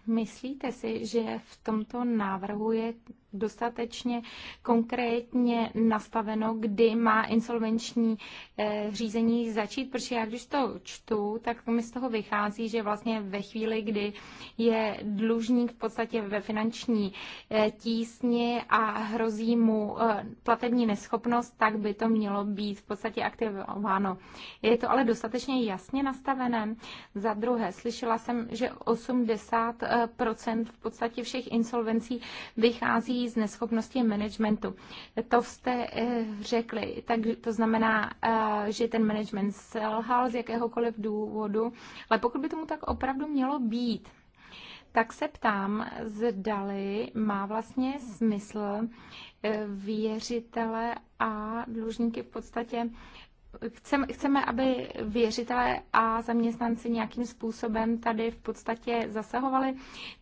myslíte si, že v tomto návrhu je dostatečně konkrétně nastaveno, kdy má insolvenční eh, řízení začít, protože já když to čtu, tak mi z toho vychází, že vlastně ve chvíli, kdy je dlužník v podstatě ve finanční eh, tísni a hrozí mu eh, platební neschopnost, tak by to mělo být v podstatě aktivováno. Je to ale dostatečně jasně nastavené. Za druhé, slyšela jsem, že 80% v podstatě všech insolvencí vychází vyplývají z neschopnosti managementu. To jste eh, řekli, tak to znamená, eh, že ten management selhal z jakéhokoliv důvodu, ale pokud by tomu tak opravdu mělo být, tak se ptám, zdali má vlastně smysl eh, věřitele a dlužníky v podstatě chceme, chceme, aby věřitelé a zaměstnanci nějakým způsobem tady v podstatě zasahovali.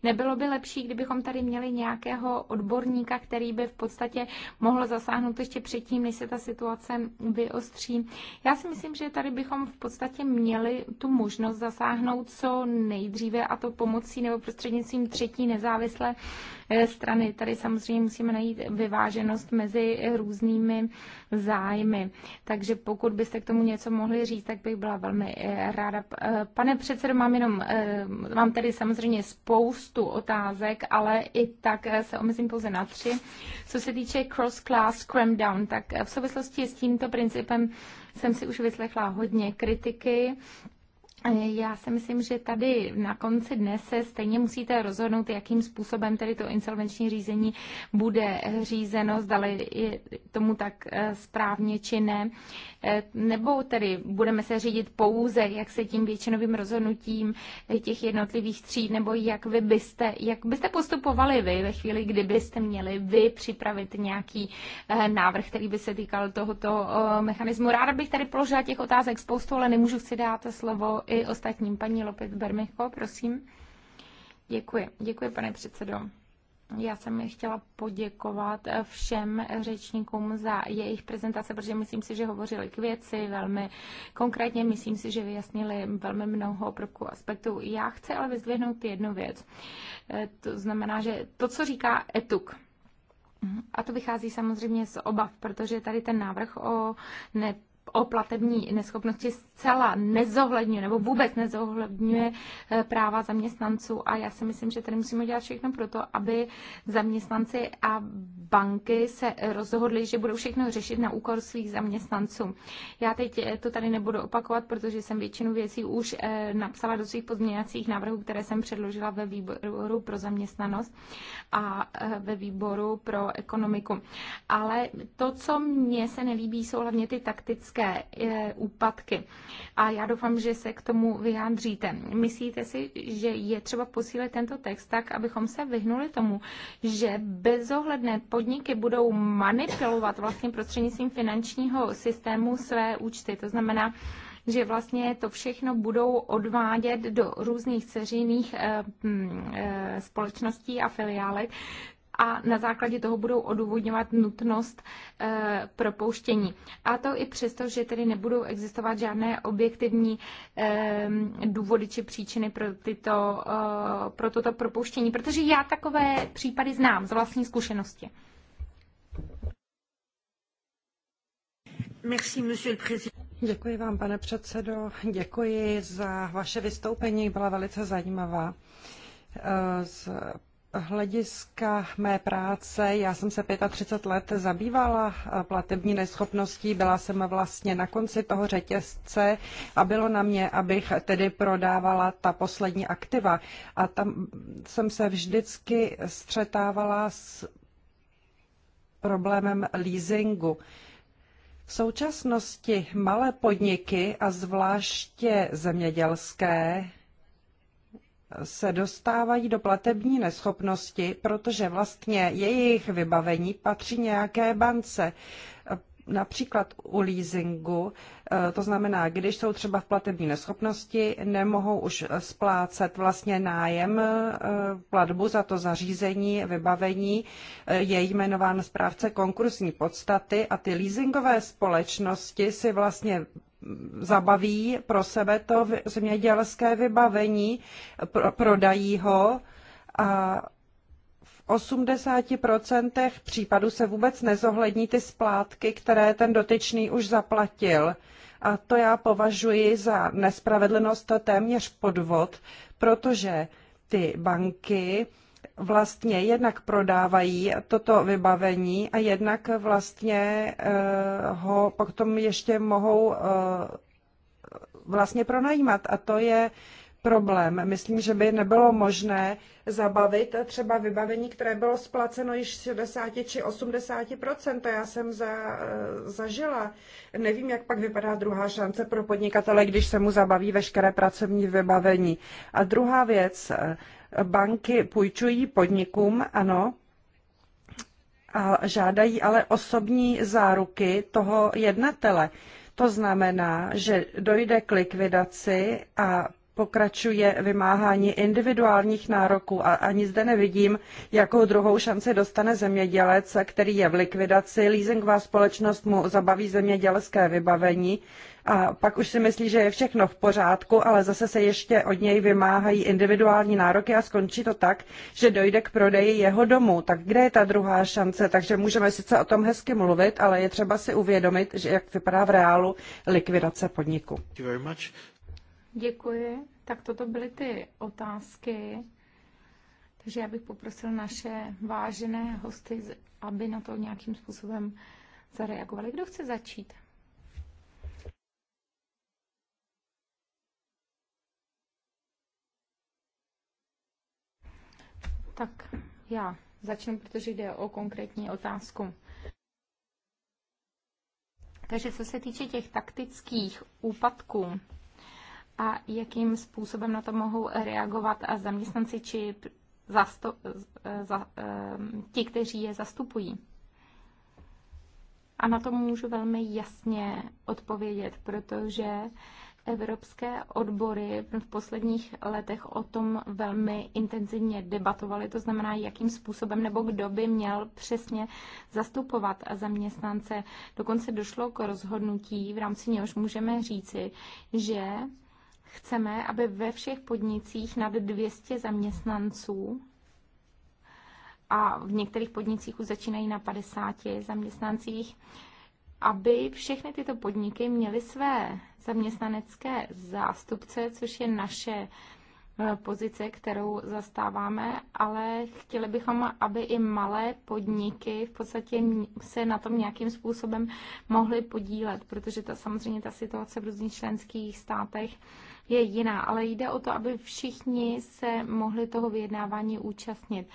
Nebylo by lepší, kdybychom tady měli nějakého odborníka, který by v podstatě mohl zasáhnout ještě předtím, než se ta situace vyostří. Já si myslím, že tady bychom v podstatě měli tu možnost zasáhnout co nejdříve a to pomocí nebo prostřednictvím třetí nezávislé Eh, strany. Tady samozřejmě musíme najít vyváženost mezi různými zájmy. Takže pokud byste k tomu něco mohli říct, tak bych byla velmi eh, ráda. Eh, pane předsedo, mám jenom, mám tady samozřejmě spoustu otázek, ale i tak se omezím pouze na tři. Co se týče cross-class cram-down, tak v souvislosti s tímto principem jsem si už vyslechla hodně kritiky já si myslím, že tady na konci dne se stejně musíte rozhodnout, jakým způsobem tedy to insolvenční řízení bude řízeno, zdali je tomu tak eh, správně či ne. Eh, nebo tedy budeme se řídit pouze, jak se tím většinovým rozhodnutím těch jednotlivých tříd, nebo jak vy byste, jak byste postupovali vy ve chvíli, kdybyste měli vy připravit nějaký eh, návrh, který by se týkal tohoto mechanismu. Ráda bych tady položila těch otázek spoustu, ale nemůžu si dát slovo i ostatním. Paní Lopez Bermicho, prosím. Děkuji. Děkuji, pane předsedo. Já jsem chtěla poděkovat všem řečníkům za jejich prezentace, protože myslím si, že hovořili k věci velmi konkrétně, myslím si, že vyjasnili velmi mnoho prvků aspektů. Já chci ale vyzdvihnout jednu věc. E, to znamená, že to, co říká ETUK, a to vychází samozřejmě z obav, protože tady ten návrh o net o platební neschopnosti zcela nezohledňuje nebo vůbec nezohledňuje eh, práva zaměstnanců a já si myslím, že tady musíme dělat všechno pro to, aby zaměstnanci a banky se rozhodli, že budou všechno řešit na úkor svých zaměstnanců. Já teď eh, to tady nebudu opakovat, protože jsem většinu věcí už eh, napsala do svých pozměňovacích návrhů, které jsem předložila ve výboru pro zaměstnanost a ve výboru pro ekonomiku. Ale to, co mně se nelíbí, jsou hlavně ty taktické ekonomické eh, úpadky. A já doufám, že se k tomu vyjádříte. Myslíte si, že je třeba posílit tento text tak, abychom se vyhnuli tomu, že bezohledné podniky budou manipulovat vlastně prostřednictvím finančního systému své účty. To znamená, že vlastně to všechno budou odvádět do různých ceřinných eh, eh, společností a filiálek, a na základě toho budou odůvodňovat nutnost eh, propouštění. A to i přesto, že tedy nebudou existovat žádné objektivní eh, důvody či příčiny pro, tyto, eh, pro toto propuštění, protože já takové případy znám z vlastní zkušenosti. Merci, monsieur le président. Děkuji vám, pane předsedo. Děkuji za vaše vystoupení, byla velice zajímavá hlediska mé práce, já jsem se 35 let zabývala eh, platební neschopností, byla jsem vlastně na konci toho řetězce a bylo na mě, abych tedy prodávala ta poslední aktiva. A tam jsem se vždycky střetávala s problémem leasingu. V současnosti malé podniky a zvláště zemědělské se dostávají do platební neschopnosti, protože vlastně jejich vybavení patří nějaké bance. Například u leasingu, eh, to znamená, když jsou třeba v platební neschopnosti, nemohou už splácet vlastně nájem, eh, platbu za to zařízení, vybavení, eh, je jmenován správce konkursní podstaty a ty leasingové společnosti si vlastně zabaví pro sebe to zemědělské vybavení, pro, prodají ho a v 80% případů se vůbec nezohlední ty splátky, které ten dotyčný už zaplatil. A to já považuji za nespravedlnost, téměř podvod, protože ty banky vlastně jednak prodávají toto vybavení a jednak vlastně eh, ho potom ještě mohou eh, vlastně pronajímat. A to je problém. Myslím, že by nebylo možné zabavit třeba vybavení, které bylo splaceno již 60 či 80 To já jsem za, eh, zažila. Nevím, jak pak vypadá druhá šance pro podnikatele, když se mu zabaví veškeré pracovní vybavení. A druhá věc, banky půjčují podnikům, ano, a žádají ale osobní záruky toho jednatele. To znamená, že dojde k likvidaci a pokračuje vymáhání individuálních nároků a ani zde nevidím, jakou druhou šanci dostane zemědělec, který je v likvidaci, leasingová společnost mu zabaví zemědělské vybavení a pak už si myslí, že je všechno v pořádku, ale zase se ještě od něj vymáhají individuální nároky a skončí to tak, že dojde k prodeji jeho domu. Tak kde je ta druhá šance? Takže můžeme sice o tom hezky mluvit, ale je třeba si uvědomit, že jak vypadá v reálu likvidace podniku. Děkuji. Tak toto byly ty otázky. Takže já bych poprosil naše vážené hosty, aby na to nějakým způsobem zareagovali. Kdo chce začít? Tak já začnu, protože jde o konkrétní otázku. Takže co se týče těch taktických úpadků, a jakým způsobem na to mohou reagovat a zaměstnanci či zasto, za, eh, ti, kteří je zastupují. A na to můžu velmi jasně odpovědět, protože evropské odbory v posledních letech o tom velmi intenzivně debatovaly, to znamená, jakým způsobem nebo kdo by měl přesně zastupovat zaměstnance. Dokonce došlo k rozhodnutí, v rámci něhož můžeme říci, že Chceme, aby ve všech podnicích nad 200 zaměstnanců a v některých podnicích už začínají na 50 zaměstnancích, aby všechny tyto podniky měly své zaměstnanecké zástupce, což je naše eh, pozice, kterou zastáváme, ale chtěli bychom, aby i malé podniky v podstatě se na tom nějakým způsobem mohly podílet, protože ta, samozřejmě ta situace v různých členských státech je jiná, ale jde o to, aby všichni se mohli toho vyjednávání účastnit.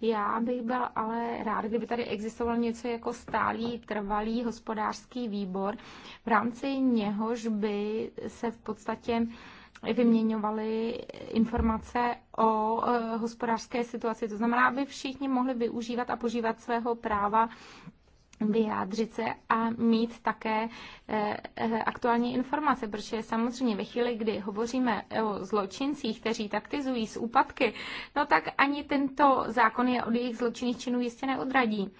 Já bych byl ale rád, kdyby tady existoval něco jako stálý, trvalý hospodářský výbor, v rámci něhož by se v podstatě vyměňovali informace o eh, hospodářské situaci. To znamená, aby všichni mohli využívat a požívat svého práva vyjádřit se a mít také eh, eh, aktuální informace, protože samozřejmě ve chvíli, kdy hovoříme o zločincích, kteří taktizují z úpadky, no tak ani tento zákon je od jejich zločinných činů jistě neodradí.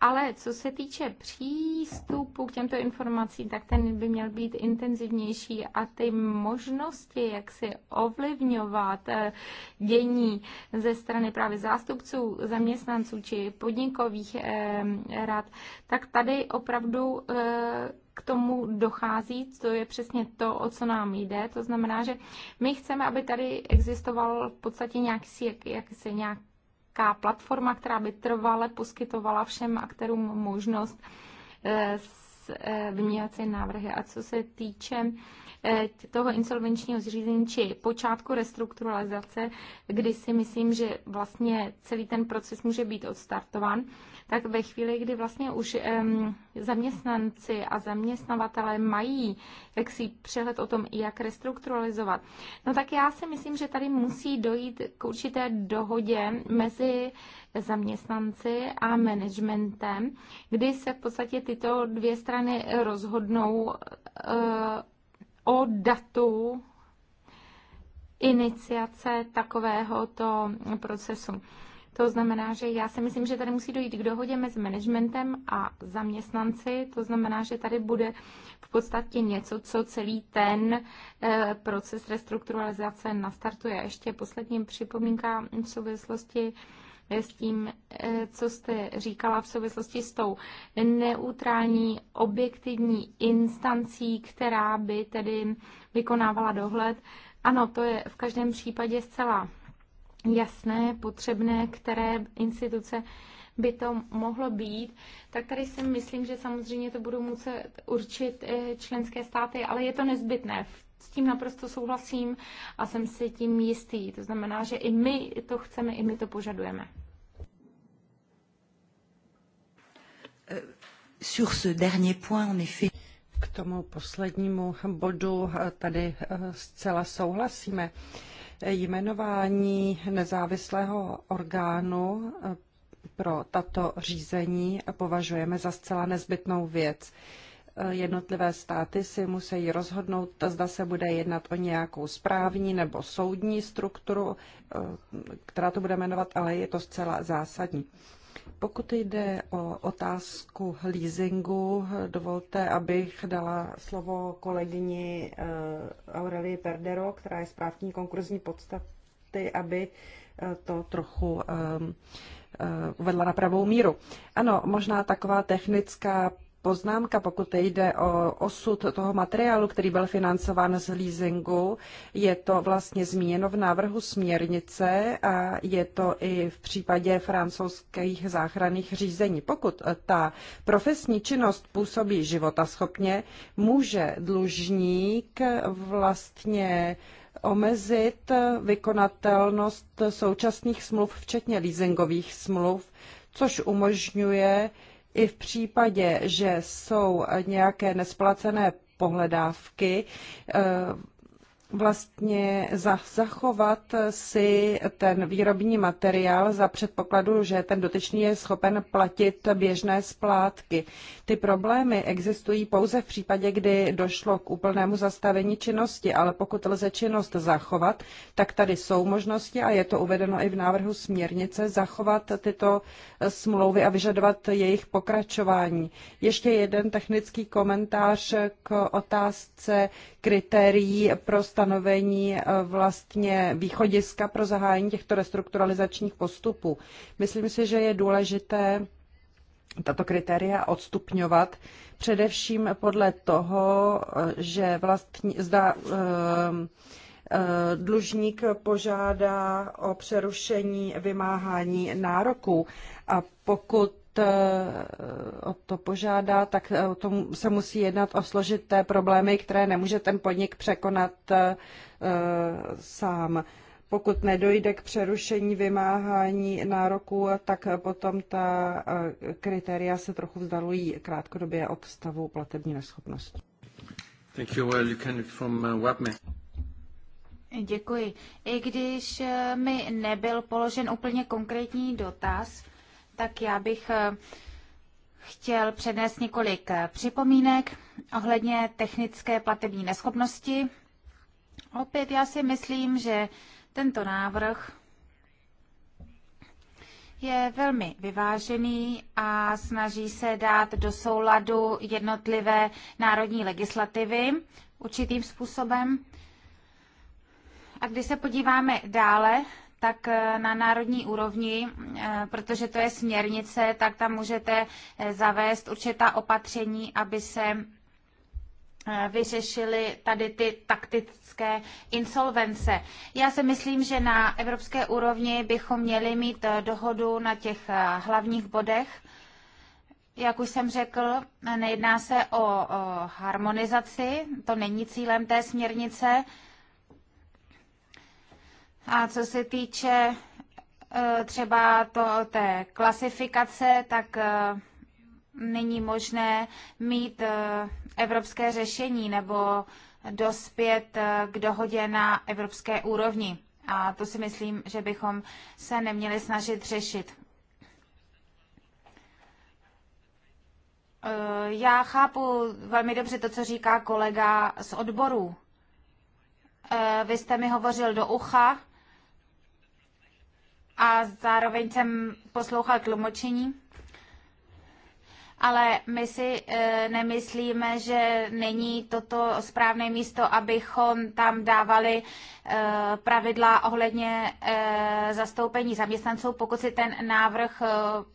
Ale co se týče přístupu k těmto informacím, tak ten by měl být intenzivnější a ty možnosti, jak si ovlivňovat eh, dění ze strany právě zástupců, zaměstnanců či podnikových eh, rad, tak tady opravdu eh, k tomu dochází, to je přesně to, o co nám jde. To znamená, že my chceme, aby tady existoval v podstatě nějaký, jak, jak se nějak nějaká platforma, která by trvale poskytovala všem aktérům možnost eh, eh, vyměňovat si návrhy. A co se týče Eh, toho insolvenčního zřízení či počátku restrukturalizace, kdy si myslím, že vlastně celý ten proces může být odstartován, tak ve chvíli, kdy vlastně už zaměstnanci a zaměstnavatele mají jaksi přehled o tom, jak restrukturalizovat, no tak já si myslím, že tady musí dojít k určité dohodě mezi zaměstnanci a managementem, kdy se v podstatě tyto dvě strany rozhodnou eh, o datu iniciace takovéhoto procesu. To znamená, že já si myslím, že tady musí dojít k dohodě mezi managementem a zaměstnanci. To znamená, že tady bude v podstatě něco, co celý ten eh, proces restrukturalizace nastartuje. Ještě poslední připomínka v souvislosti s tím, eh, co jste říkala v souvislosti s tou neutrální objektivní instancí, která by tedy vykonávala dohled. Ano, to je v každém případě zcela jasné, potřebné, které instituce by to mohlo být, tak tady si myslím, že samozřejmě to budou muset určit eh, členské státy, ale je to nezbytné. V s tím naprosto souhlasím a jsem si tím jistý. To znamená, že i my to chceme, i my to požadujeme. Eh, sur ce dernier point, en effet. K tomu poslednímu bodu eh, tady eh, zcela souhlasíme. Jmenování nezávislého orgánu pro tato řízení považujeme za zcela nezbytnou věc. Eh, jednotlivé státy si musí rozhodnout, zda se bude jednat o nějakou správní nebo soudní strukturu, eh, která to bude jmenovat, ale je to zcela zásadní. Pokud jde o otázku leasingu, dovolte, abych dala slovo kolegyni eh, Aurelii Perdero, která je správní konkurzní podstaty, aby to trochu uvedla na pravou míru. Ano, možná taková technická poznámka, pokud jde o osud toho materiálu, který byl financován z leasingu. Je to vlastně zmíněno v návrhu směrnice a je to i v případě francouzských záchranných řízení. Pokud ta profesní činnost působí životaschopně, může dlužník vlastně omezit vykonatelnost současných smluv, včetně leasingových smluv, což umožňuje i v případě, že jsou nějaké nesplacené pohledávky, eh, vlastně za, zachovat si ten výrobní materiál za předpokladu, že ten dotyčný je schopen platit běžné splátky. Ty problémy existují pouze v případě, kdy došlo k úplnému zastavení činnosti, ale pokud lze činnost zachovat, tak tady jsou možnosti a je to uvedeno i v návrhu směrnice zachovat tyto smlouvy a vyžadovat jejich pokračování. Ještě jeden technický komentář k otázce kritérií pro stanovení eh, vlastně východiska pro zahájení těchto restrukturalizačních postupů. Myslím si, že je důležité tato kritéria odstupňovat, především podle toho, eh, že vlastně zda ehm, eh, dlužník požádá o přerušení vymáhání nároků a pokud Eh, o to požádá, tak eh, o tom se musí jednat o složité problémy, které nemůže ten podnik překonat eh, sám. Pokud nedojde k přerušení vymáhání nároků, tak potom ta kritéria se trochu vzdalují krátkodobě od stavu platební neschopnosti. Thank you. Well, you can from uh, WAPME. Děkuji. I když mi nebyl položen úplně konkrétní dotaz, tak já bych eh, chtěl přednést několik eh, připomínek ohledně technické platební neschopnosti. Opět já si myslím, že tento návrh je velmi vyvážený a snaží se dát do souladu jednotlivé národní legislativy určitým způsobem. A když se podíváme dále tak eh, na národní úrovni, eh, protože to je směrnice, tak tam můžete eh, zavést určitá opatření, aby se vyřešili tady ty taktické insolvence. Já si myslím, že na evropské úrovni bychom měli mít dohodu na těch hlavních bodech. Jak už jsem řekl, nejedná se o, o harmonizaci, to není cílem té směrnice, a co se týče eh, třeba to, té klasifikace, tak eh, není možné mít eh, evropské řešení nebo dospět k dohodě na evropské úrovni. A to si myslím, že bychom se neměli snažit řešit. Já chápu velmi dobře to, co říká kolega z odborů. Vy jste mi hovořil do ucha, a zároveň jsem poslouchal tlumočení. Ale my si e, nemyslíme, že není toto správné místo, abychom tam dávali e, pravidla ohledně e, zastoupení zaměstnanců. Pokud si ten návrh e,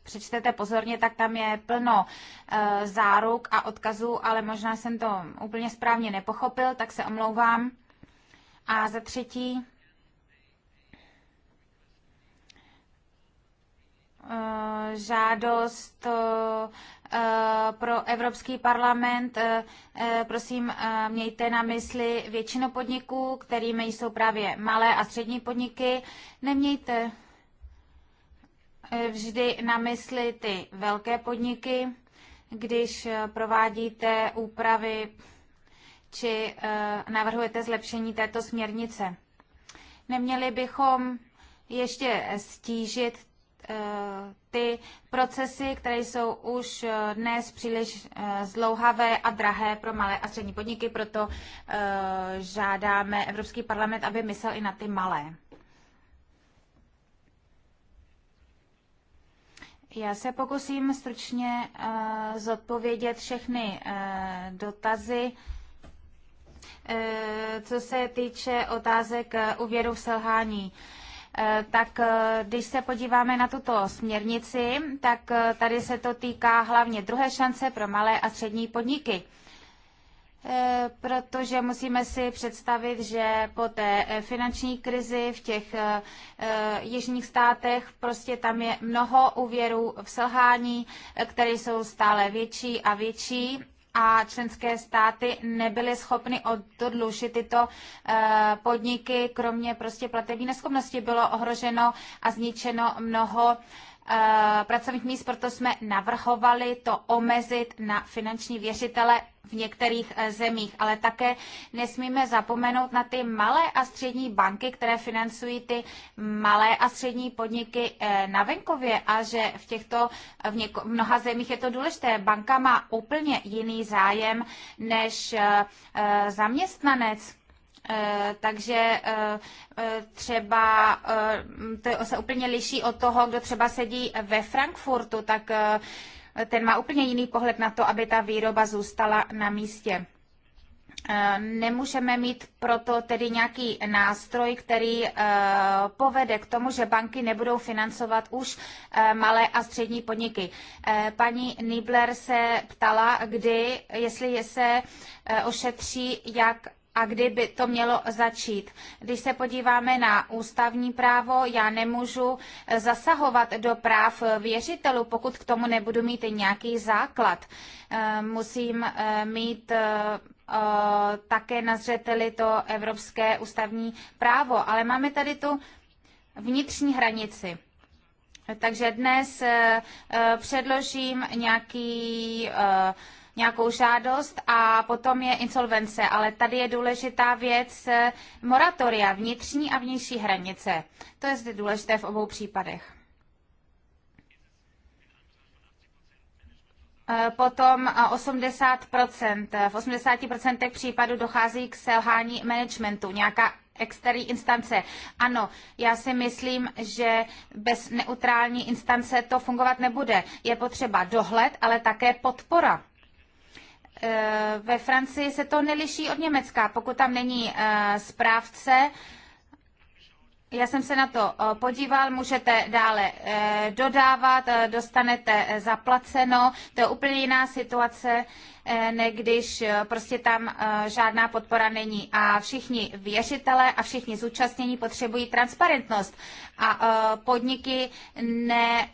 přečtete pozorně, tak tam je plno e, záruk a odkazů, ale možná jsem to úplně správně nepochopil, tak se omlouvám. A za třetí, Eh, žádost eh, pro Evropský parlament. Eh, prosím, mějte na mysli většinu podniků, kterými jsou právě malé a střední podniky. Nemějte vždy na mysli ty velké podniky, když provádíte úpravy či navrhujete zlepšení této směrnice. Neměli bychom ještě stížit Eh, ty procesy, které jsou už eh, dnes příliš eh, zlouhavé a drahé pro malé a střední podniky, proto žádáme Evropský parlament, aby myslel i na ty malé. Já se pokusím stručně zodpovědět všechny dotazy. Co se týče otázek úvěru v selhání, Eh, tak eh, když se podíváme na tuto směrnici, tak eh, tady se to týká hlavně druhé šance pro malé a střední podniky protože musíme si představit, že po té finanční krizi v těch jižních státech prostě tam je mnoho úvěrů v selhání, které jsou stále větší a větší a členské státy nebyly schopny odlušit tyto eh, podniky, kromě prostě platební neschopnosti bylo ohroženo a zničeno mnoho Eh, pracovních míst, proto jsme navrhovali to omezit na finanční věřitele v některých eh, zemích, ale také nesmíme zapomenout na ty malé a střední banky, které financují ty malé a střední podniky eh, na venkově a že v těchto v něko, mnoha zemích je to důležité. Banka má úplně jiný zájem než zaměstnanec Eh, takže eh, eh, třeba to se úplně liší od toho, kdo třeba sedí ve Frankfurtu, tak ten má úplně jiný pohled na to, aby ta výroba zůstala na místě. Nemůžeme mít proto tedy nějaký nástroj, který povede k tomu, že banky nebudou financovat už malé a střední podniky. Paní Nibler se ptala, kdy, jestli je se ošetří, jak a kdy by to mělo začít. Když se podíváme na ústavní právo, já nemůžu eh, zasahovat do práv věřitelů, pokud k tomu nebudu mít nějaký základ. Eh, musím eh, mít také na zřeteli to evropské ústavní právo, ale máme tady tu vnitřní hranici. Takže dnes předložím nějaký nějakou žádost a potom je insolvence. Ale tady je důležitá věc eh, moratoria, vnitřní a vnější hranice. To je zde důležité v obou případech. Eh, potom 80%, eh, v 80% případů dochází k selhání managementu, nějaká externí instance. Ano, já si myslím, že bez neutrální instance to fungovat nebude. Je potřeba dohled, ale také podpora. Eh, ve Francii se to neliší od Německa. Pokud tam není eh, správce, já jsem se na to eh, podíval, můžete dále dodávat, dostanete zaplaceno. To je úplně jiná situace, ne když prostě tam žádná podpora není. A všichni věřitelé a všichni zúčastnění potřebují transparentnost. A podniky ne,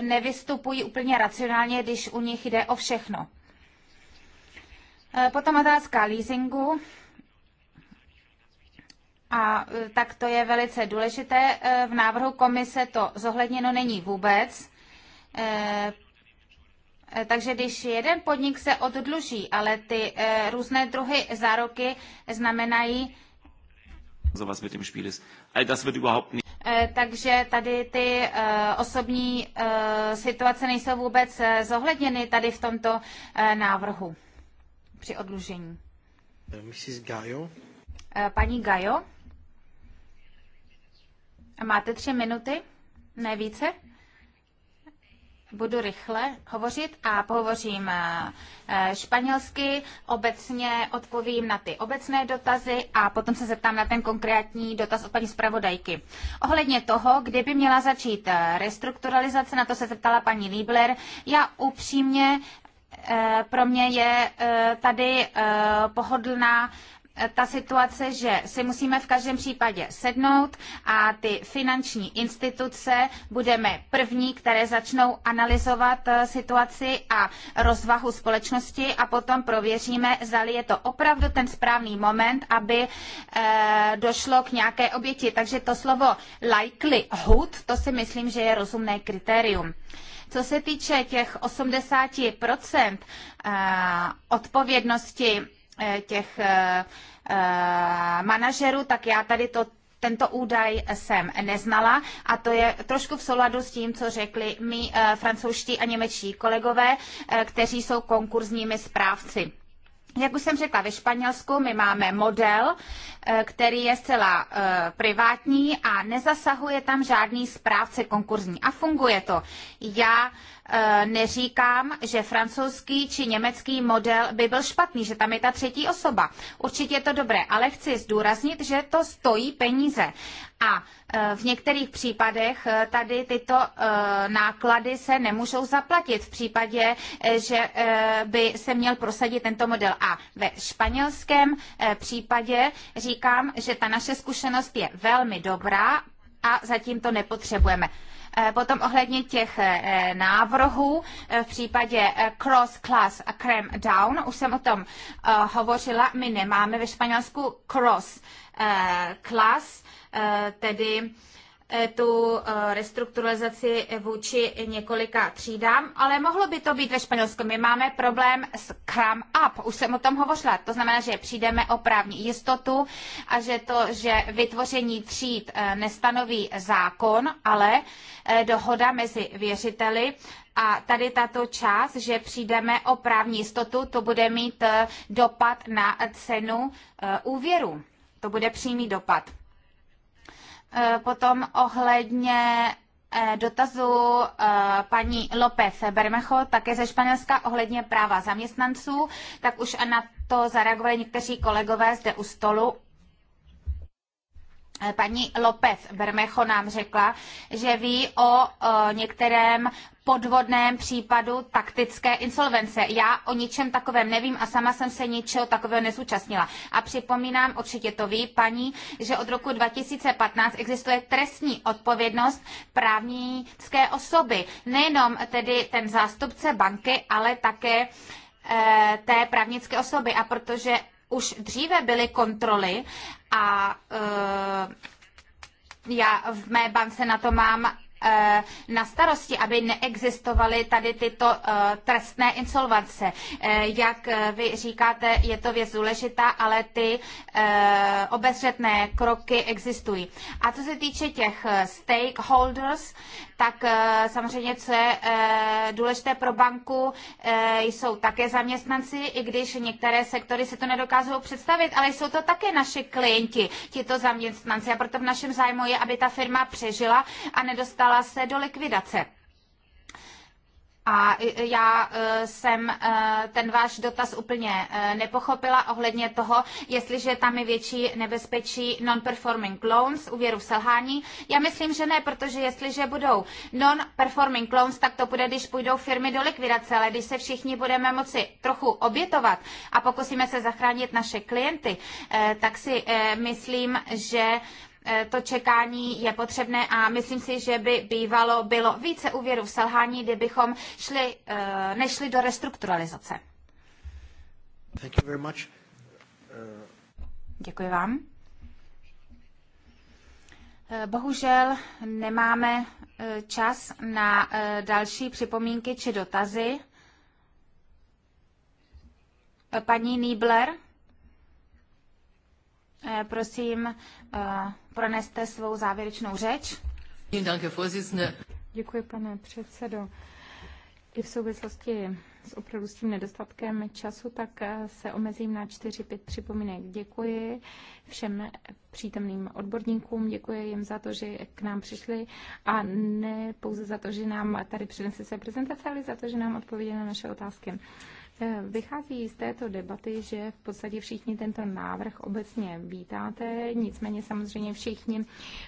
nevystupují úplně racionálně, když u nich jde o všechno. Eh, potom otázka leasingu. A eh, tak to je velice důležité. Eh, v návrhu komise to zohledněno není vůbec. Takže když jeden podnik se oddluží, ale ty různé druhy zároky znamenají, sowas mit im Spiel ist. All das wird überhaupt nicht. Takže tady ty osobní situace nejsou vůbec zohledněny tady v tomto návrhu při odlužení. Eh, Mrs. Gajo. Eh, paní Gajo, máte tři minuty, ne více? budu rychle hovořit a pohovořím eh, španělsky, obecně odpovím na ty obecné dotazy a potom se zeptám na ten konkrétní dotaz od paní zpravodajky. Ohledně toho, kdy by měla začít restrukturalizace, na to se zeptala paní Liebler, já upřímně Eh, pro mě je eh, tady eh, pohodlná ta situace, že si musíme v každém případě sednout a ty finanční instituce budeme první, které začnou analyzovat eh, situaci a rozvahu společnosti a potom prověříme, zali je to opravdu ten správný moment, aby eh, došlo k nějaké oběti. Takže to slovo likelihood, to si myslím, že je rozumné kritérium. Co se týče těch 80% eh, odpovědnosti Eh, těch eh, eh, manažerů, tak já tady to tento údaj jsem neznala a to je trošku v souladu s tím, co řekli mi francouzští a němečtí kolegové, kteří jsou konkurzními správci. Jak už jsem řekla, ve Španělsku my máme model, eh, který je zcela eh, privátní a nezasahuje tam žádný správce konkurzní. A funguje to. Já eh, neříkám, že francouzský či německý model by byl špatný, že tam je ta třetí osoba. Určitě je to dobré, ale chci zdůraznit, že to stojí peníze. A e, v některých případech e, tady tyto e, náklady se nemůžou zaplatit v případě, že by se měl prosadit tento model. A ve španělském případě říkám, že ta naše zkušenost je velmi dobrá a zatím to nepotřebujeme. Potom ohledně těch návrhů v případě cross class a cram down, už jsem o tom hovořila, my nemáme ve Španělsku cross class, Eh, tedy eh, tu eh, restrukturalizaci vůči několika třídám, ale mohlo by to být ve Španělsku. My máme problém s cram up, už jsem o tom hovořila. To znamená, že přijdeme o právní jistotu a že to, že vytvoření tříd nestanoví zákon, ale dohoda mezi věřiteli a tady tato část, že přijdeme o právní jistotu, to bude mít dopad na cenu úvěru. To bude přímý dopad. Eh, potom ohledně eh, dotazu eh, paní López Bermecho, také ze Španělska, ohledně práva zaměstnanců, tak už na to zareagovali někteří kolegové zde u stolu Paní López Bermecho nám řekla, že ví o, některém podvodném případu taktické insolvence. Já o ničem takovém nevím a sama jsem se ničeho takového nezúčastnila. A připomínám, určitě to ví paní, že od roku 2015 existuje trestní odpovědnost právnické osoby. Nejenom tedy ten zástupce banky, ale také eh, té právnické osoby. A protože už dříve byly kontroly a eh, já v mé bance na to mám eh, na starosti, aby neexistovaly tady tyto eh, trestné insolvence. Jak vy říkáte, je to věc důležitá, ale ty obezřetné kroky existují. A co se týče těch stakeholders, tak eh, samozřejmě, co je eh, důležité pro banku, eh, jsou také zaměstnanci, i když některé sektory si to nedokázou představit, ale jsou to také naše klienti, tito zaměstnanci. A proto v našem zájmu je, aby ta firma přežila a nedostala se do likvidace. A e, e, já e, jsem ten váš dotaz úplně nepochopila ohledně toho, jestliže tam je větší nebezpečí non-performing loans, úvěru v selhání. Já myslím, že ne, protože jestliže budou non-performing loans, tak to bude, když půjdou firmy do likvidace, ale když se všichni budeme moci trochu obětovat a pokusíme se zachránit naše klienty, tak si myslím, že Eh, to čekání je potřebné a myslím si, že by bývalo bylo více úvěru v selhání, kdybychom šli, eh, nešli do restrukturalizace. Thank you very much. Uh... Děkuji vám. Bohužel nemáme čas na další připomínky či dotazy. Paní Niebler, prosím, proneste svou závěrečnou řeč. Děkuji, pane předsedo. I v souvislosti s opravdu s tím nedostatkem času, tak eh, se omezím na čtyři pět připomínek. Děkuji všem přítomným odborníkům, děkuji jim za to, že k nám přišli a ne pouze za to, že nám tady přinesli své prezentace, ale za to, že nám odpověděli na naše otázky. Eh, vychází z této debaty, že v podstatě všichni tento návrh obecně vítáte, nicméně samozřejmě všichni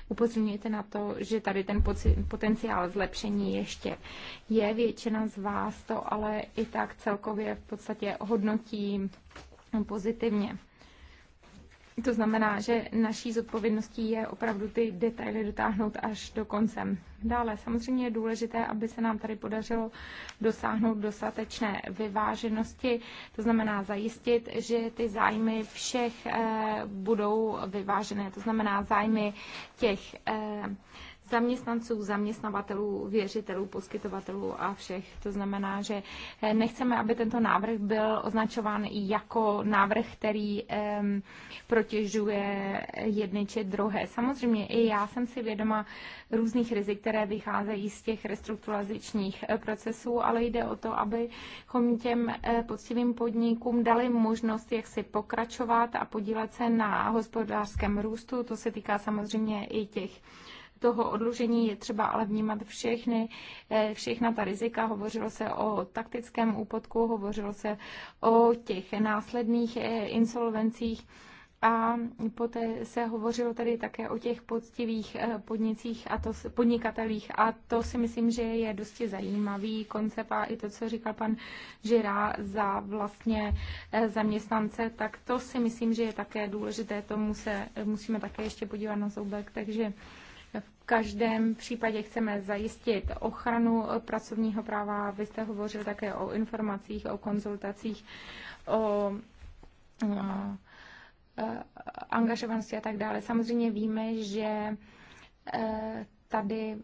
upozorňujete na to, že tady ten potenciál zlepšení ještě je. Většina z vás to ale i tak celkově v podstatě hodnotí pozitivně. To znamená, že naší zodpovědností je opravdu ty detaily dotáhnout až do konce. Dále samozřejmě je důležité, aby se nám tady podařilo dosáhnout dostatečné vyváženosti, to znamená zajistit, že ty zájmy všech eh, budou vyvážené, to znamená zájmy těch eh, zaměstnanců, zaměstnavatelů, věřitelů, poskytovatelů a všech. To znamená, že eh, nechceme, aby tento návrh byl označován jako návrh, který um, protěžuje jedny či druhé. Samozřejmě i já jsem si vědoma různých rizik, které vycházejí z těch restrukturalizačních eh, procesů, ale jde o to, abychom těm eh, poctivým podnikům dali možnost, jak si pokračovat a podílet se na hospodářském růstu. To se týká samozřejmě i těch toho odlužení je třeba ale vnímat všechny, eh, všechna ta rizika. Hovořilo se o taktickém úpadku, hovořilo se o těch následných eh, insolvencích. A poté se hovořilo tady také o těch poctivých eh, podnicích a to, podnikatelích a to si myslím, že je dosti zajímavý koncept a i to, co říkal pan Žirá za vlastně zaměstnance, tak to si myslím, že je také důležité, tomu se musíme také ještě podívat na zoubek, takže v každém případě chceme zajistit ochranu pracovního práva. Vy jste hovořil také o informacích, o konzultacích, o angažovanosti a tak dále. Samozřejmě víme, že e, tady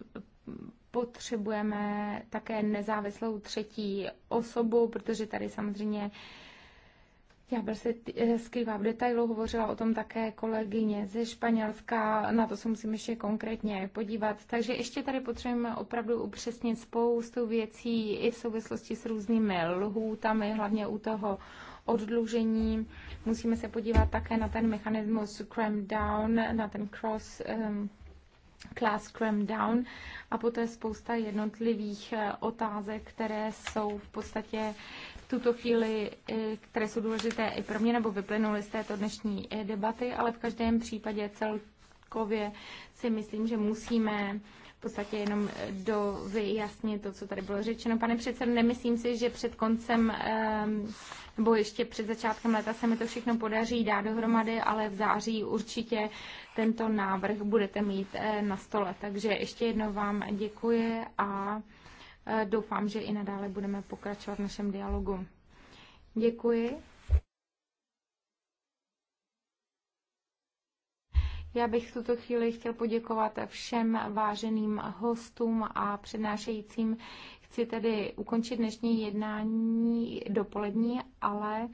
potřebujeme také nezávislou třetí osobu, protože tady samozřejmě Jábel se skrývá v detailu, hovořila o tom také kolegyně ze Španělska, na to se musím ještě konkrétně podívat. Takže ještě tady potřebujeme opravdu upřesnit spoustu věcí i v souvislosti s různými lhůtami, hlavně u toho odlužení Musíme se podívat také na ten mechanismus cram down, na ten cross um, class cram down a poté spousta jednotlivých eh, otázek, které jsou v podstatě tuto chvíli, eh, které jsou důležité i pro mě, nebo vyplynuly z této dnešní eh, debaty, ale v každém případě celkově si myslím, že musíme v podstatě jenom eh, do vyjasnit to, co tady bylo řečeno. Pane předsedo, nemyslím si, že před koncem ehm, nebo ještě před začátkem leta se mi to všechno podaří dát dohromady, ale v září určitě tento návrh budete mít na stole. Takže ještě jednou vám děkuji a doufám, že i nadále budeme pokračovat v našem dialogu. Děkuji. Já bych v tuto chvíli chtěl poděkovat všem váženým hostům a přednášejícím. Chci tedy ukončit dnešní jednání dopolední, ale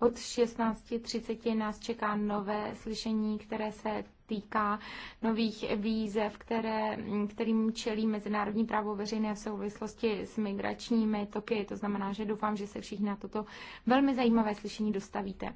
od 16.30 nás čeká nové slyšení, které se týká nových výzev, které, kterým čelí mezinárodní právo veřejné v souvislosti s migračními toky. To znamená, že doufám, že se všichni na toto velmi zajímavé slyšení dostavíte.